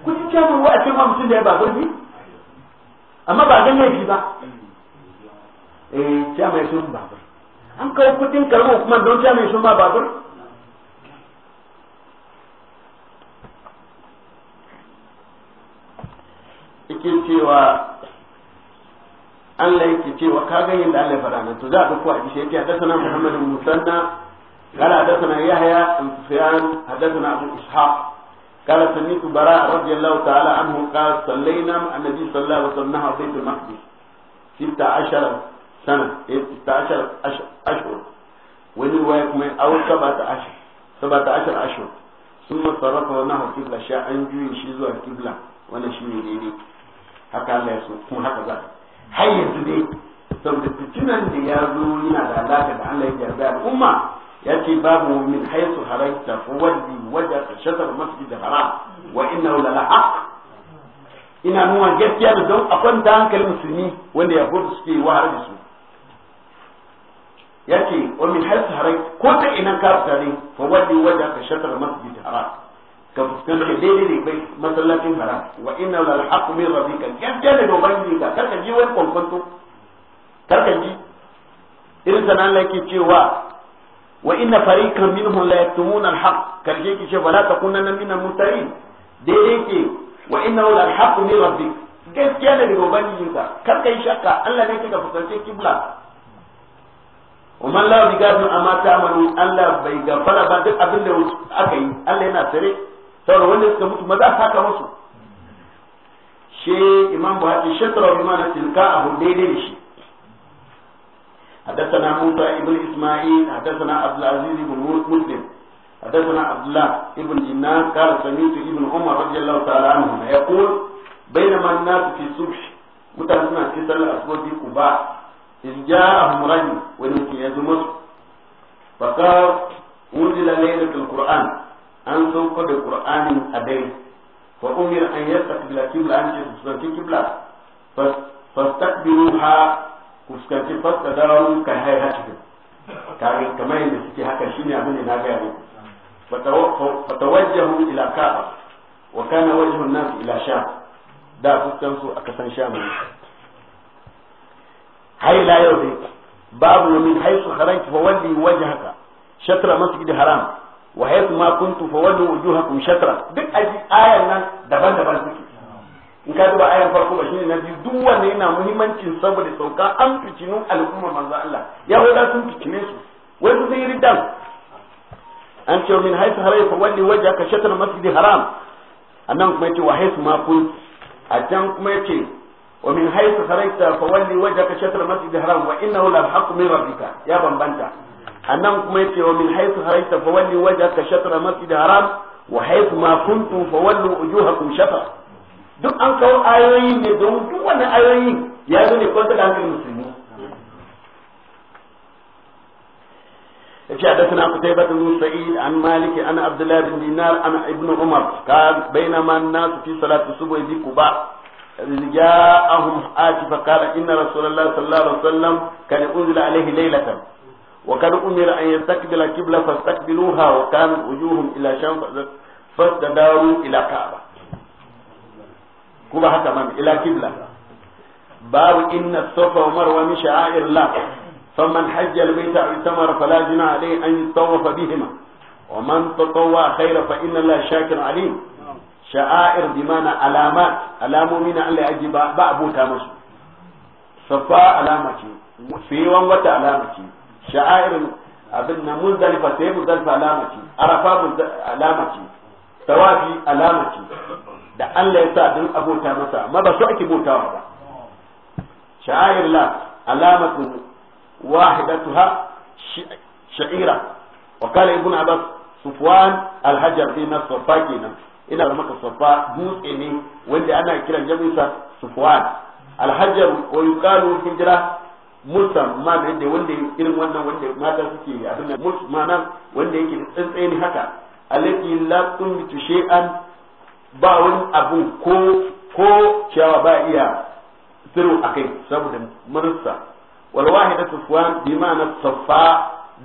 kuɗin jama wa a ce ma mutum da ya babur ne amma ba gan laifi ba eh jama ya sun babur an kawo kuɗin karɓo kuma don jama ya sun babur yake cewa Allah yake ka ga yin da Allah fara nan to za ka kuwa shi yake hada sanan Muhammad bin Musanna kana hada sanan Yahya bin Sufyan hada sanan Abu Ishaq kana sanin tu bara radiyallahu ta'ala anhu qala sallayna annabi sallallahu alaihi wasallam fi baitul maqdis 16 sana 16 eh, ashhur wani waya kuma aure saba ashir saba ashir sun masarrafa wani hafi kibla sha an juyin shi zuwa kibla wannan shi ne daidai haka Allah ya so kuma haka za har yanzu dai saboda fitinan da ya zo yana da alaka da Allah ya yarda al'umma ya ce babu min haisu haraita fa walli waja shatar masjid haram wa innahu la haq ina nuna gaskiya da don akwai da hankalin musulmi wanda ya gudu suke wahar da su ya ce wa min haisu haraita ko ta ina ka fita ne fa walli waja shatar masjid haram ka fuskanta daidai ne bai masallacin haram wa inna lal haqqu min rabbika gaskiya ne gaban ji ka karka ji wani kwankwanto karka ji irin sana Allah yake cewa wa inna fariqan minhum la yaktumuna al haqq karshe ki ce fala takunanna min al mutarin daidai ke. wa inna lal haqqu min rabbika gaskiya ne gaban ji ka karka yi shakka Allah ne yake ka fuskanta kibla ومن لا بغاد أما تعملوا ألا بيغفر بعد أبن له أكي ألا ينا سريع saboda wanda suka mutu maza a saka musu shi imam buhari shatara imam tilka abu daidai da shi حدثنا موسى ابن اسماعيل حدثنا عبد العزيز بن مسلم حدثنا عبد الله ابن جنان قال سمعت ابن عمر رضي الله تعالى عنهما يقول بينما الناس في الصبح متاسنا في صلاه الصبح قباء إذ جاءهم رجل ونسي يزمس فقال أنزل ليلة القرآن an sauko da qur'anin a dare fa umir an yastaqbila qibla an ce fuskanci qibla fastaqbiluha kan fastadaru ka hayatikum kare kamar yadda suke haka shine abin da na ga muku fatawajjahu ila ka'ba wa kana wajhu an-nas ila sham da fuskan su aka san sham hai la yau dai babu min haisu kharajta fa walli wajhaka shatra masjid haram wa haythu ma kuntu fawallu wujuhakum shatra duk aji ayan nan daban-daban suke in ka duba ayan farko ba shine na biyu duk wanda yana muhimmancin saboda sauka an fitinu al'umma manzo Allah yahuda sun fitine su wai su sun yi ridan. an ce min haisu harai fa walli wajha ka shatar masjidi haram annan kuma yace wa haisu ma kun a can kuma yace wa min haisu harai fa walli wajha ka shatar masjidi haram wa innahu la haqqu min rabbika ya bambanta nan kuma yace wa min haythu kharajta fawalli wajhaka shatr masjid haram wa haythu ma kuntum fawallu wujuhakum shatra duk an kawo ayoyi ne don duk wani ayoyi ya zo ne da hankalin musulmi yace hadathana qutaybah bin sa'id an malik an abdullah bin dinar ibnu umar qal bainama an-nas fi salati subh bi جاءهم آتي فقال إن رسول الله صلى الله عليه وسلم كان أنزل عليه ليلة وكان أمر أن يستقبل قبلة فاستقبلوها وكان وجوههم إلى شام فاستداروا إلى كعبة كما حتى من إلى قبلة باب إن الصفا ومروة من شعائر الله فمن حج البيت أو اعتمر فلا جناح عليه أن يطوف بهما ومن تطوع خيرا فإن الله شاكر عليم شعائر بمعنى علامات علامو من الله أجب بأبو تامس صفا علامتي في وان علامتي sha'airin abin nan muzdalifa sai muzdalifa alama ce arafa alama ce tawafi alama ce da Allah ya sa don abota masa amma ba su ake botawa ba sha'air la alamatu wahidatuha sha'ira wa kala ibn abbas sufwan alhajar hajar bi nafs safa kenan ina da maka safa dutse ne wanda ana kiran jami'sa sufwan Alhajar wa yuqalu hijra musamman yadda wanda irin wannan wanda mata suke abin ma nan wanda yake da tsantsaye haka alaki da tushe shay'an ba wani abu ko ko ciyawa ba iya a akai saboda mursa wal wahidatu suwan bi ma'ana saffa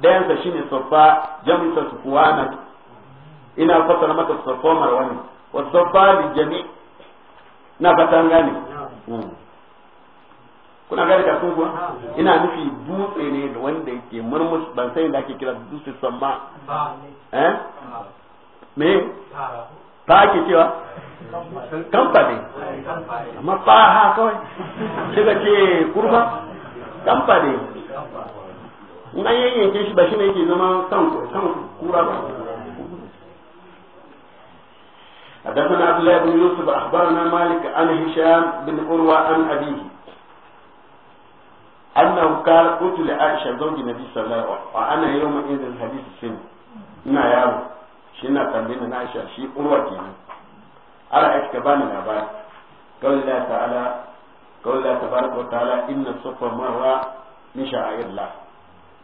dayansa shine saffa jami'a safwana ina fasara mata saffa marwani wa saffa li jami' na fata gane kuna gane kasuwa kuwa ina nufi dutse ne da wanda yake murmus ban sani da ake kira dutse samma eh me ta ake cewa kamfani amma ba ha kawai shi shiga ce kurba kamfani ne in an yayyanke shi ba shi ne yake zama kan kura ba حدثنا عبد الله بن يوسف اخبرنا مالك عن هشام بن عروه عن ابيه annahu qala qultu li aisha zawji nabi sallallahu alaihi wasallam wa ana yawma idhin hadith sin ina yaro shi na tambayin na aisha shi urwa kenan ara aisha bani labari kawai la ta'ala kawai la tabaraka wa ta'ala inna safa marwa min sha'airillah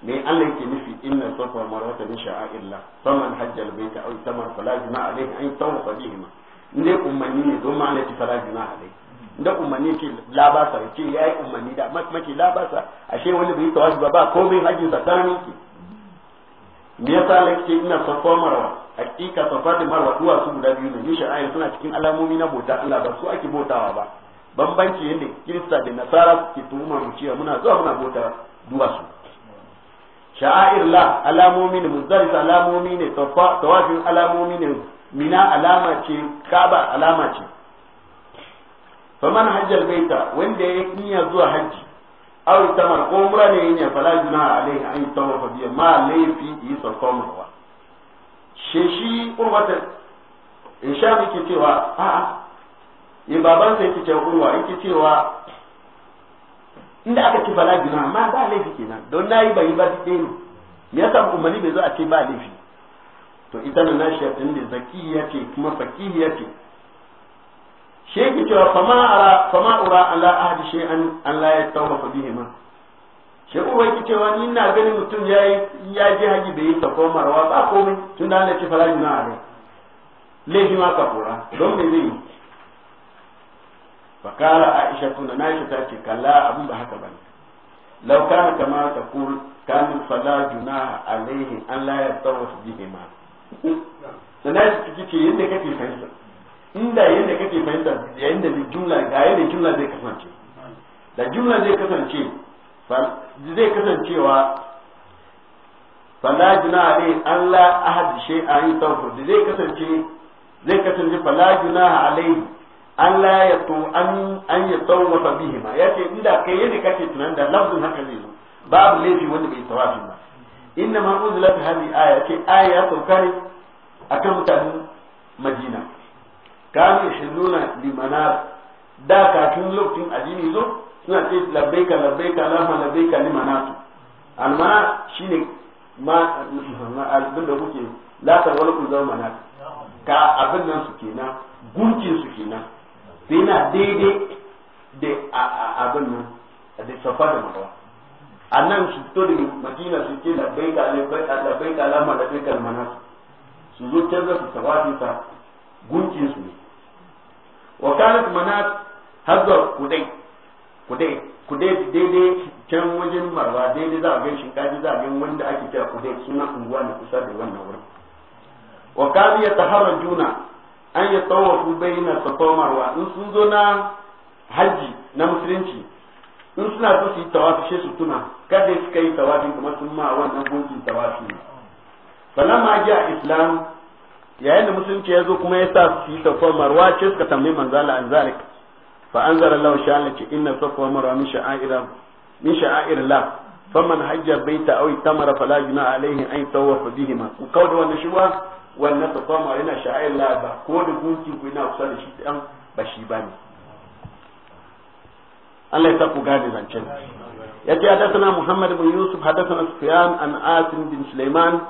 me Allah yake nufi inna safa marwa min sha'airillah faman hajja albayta aw tamar fala junaha alayhi an tawfa bihima inde ummanni ne don ma'ana ta da umarni ce labasa ya ce ya yi umarni da mace labasa ashe wani bai tawashi ba ba komai hajji tsakanin ki me yasa nake ina safa marwa hakika safa da marwa duwa su guda biyu ne shi ayin suna cikin alamomi na bota Allah ba su ake botawa ba bambanci yadda kirista da nasara suke tuhuma mu cewa muna zuwa muna bota duwa su sha'air la alamomi ne muzdalifa alamomi ne tawafin alamomi ne mina alama ce kaba alama ce faman hajjal baita wanda ya niyya zuwa haji aw tamar ko umra ne ne fala junaha alaihi an yatawafa bi ma laifi yi sarkomarwa she shi urwata insha yake cewa a a ya baban sai yake cewa urwa yake cewa inda aka ci fala junaha ma ba laifi kenan don nayi bai ba dai ne me yasa umarni bai zo a ce ba laifi to ita nan nashi da zaki yace kuma fakihi yace shi yake cewa fama ara fama ura ala ahadi shi an Allah ya tauba fa bihi ma shi uwa yake cewa ni ina ganin mutum ya ya je haji bai ta ko marwa ba komai tun da Allah ya ce fala juna alai laifi ma ka kura don me zai yi kala aisha tuna na shi ta ce kalla abun ba haka bane law kana kama ta kul kana fala juna alaihi an ya tauba fa bihi ma sanai shi kike yadda kake fahimta inda yadda kake fahimta yayin da jumla ga yadda jumla zai kasance da jumla zai kasance zai kasancewa fala juna ne an la ahad shay an yutawfur zai kasance zai kasance fala juna alai an la to an an yatawafa bihima yace inda kai yadda kake tunan da lafzin haka zai zo babu laifi wanda bai tawafi ba inna ma uzilat hadi aya ce aya ta sauka akan mutanen madina kanu shilluna limanar da kafin lokacin ajini zo suna ce labbaika labbaika lama labbaika limanatu almana shine ma abin da kuke latar wani kun zama manar ka abin nan su kenan gunkin su kenan sai na daidai da abin nan da safa da marwa a nan su to da madina su ce labbaika labbaika lama labbaika limanatu su zo canza su tawafi ta gunkin su ne wa kanat manat hazar kudai kudai kudai daidai can wajen marwa daidai za a gan shinkaji za a gan wanda ake kira kudai suna unguwa ne kusa da wannan wurin wa kadu ya taharra juna an ya tsawafu bayyana safa marwa in sun zo na hajji na musulunci in suna so su tawafi shi su tuna kada suka yi tawafi kuma sun ma wannan gogin tawafi ne falamma ja islam yayin da musulunci ya zo kuma ya sa su yi safa marwa ce suka tambayi manzala an zalik fa zara Allah sha'ala ce inna safa marwa min sha'aira min sha'air la man hajja baita aw tamara fala junaha alaihi an bihi ma ku kauda wannan shuwa wannan safa marwa yana sha'air la ba ko da gunki ku ina kusa da shi dan ba shi ne Allah ya sa ku gane zancen yace hadathana Muhammad bin Yusuf hadathana Sufyan an Asim bin Sulaiman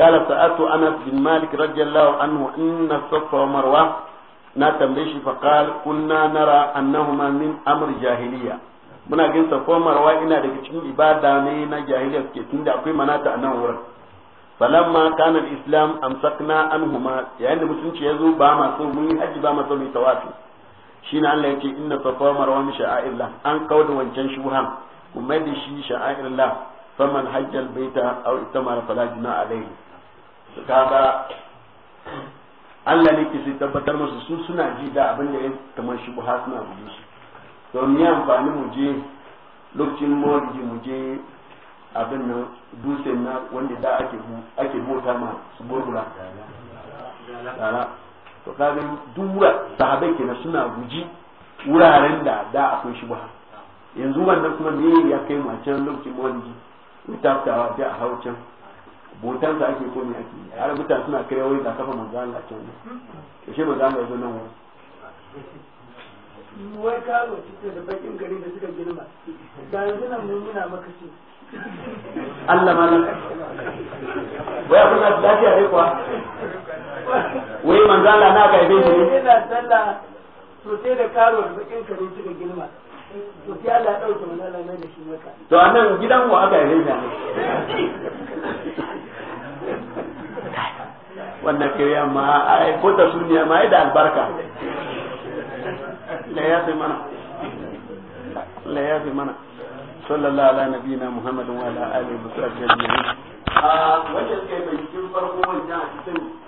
قال سألت أنس بن مالك رضي الله عنه إن shi ومروة نتمشي فقال كنا نرى أنهما من أمر جاهلية muna gin safo marwa ina daga cikin ibada ne na jahiliya suke tunda akwai manata a nan wurin falamma kana islam amsakna anhuma yayin da mutunci ya zo ba ma so mun yi haji ba ma so mu yi tawafi shine Allah yake inna safa marwa min sha'airillah an kauda wancan shuhan kuma da shi sha'airillah faman hajjal baita aw itamara fala juna alayhi to kaga Allah ne ke sai tabbatar musu su suna ji da abin da ya kamar shi buha suna buji su to ni amfani mu je lokacin mawalji mu je abin nan dutsen na wanda da ake ake bota ma su burbura dara to kaga duk wura sahabai kenan suna guji wuraren da da akwai shi buha yanzu wannan kuma ne ya kai ma can lokacin mawalji ta fitawa da a hau can bautan da ake ko ne ake har mutane suna kai wani da kafa manzo Allah ta ne. to shi manzo Allah ya zo nan wani wai ka cikin da bakin gari da suka girma da yanzu nan mun muna maka ce Allah ma nan wai abin da lafiya yi kuwa wai manzo Allah na ga shi ne yana sallah to sai da karo da bakin gari suka girma to sai Allah ɗauke dauke manzo mai da shi maka to nan gidan wa aka yi ne wannan kariya ma ai ko da duniya ma ai da albarka la yafi mana la yafi mana sallallahu ala nabiyina muhammadin wa ala alihi wa sahbihi ajma'in a wajen kai mai cikin farko wajen a cikin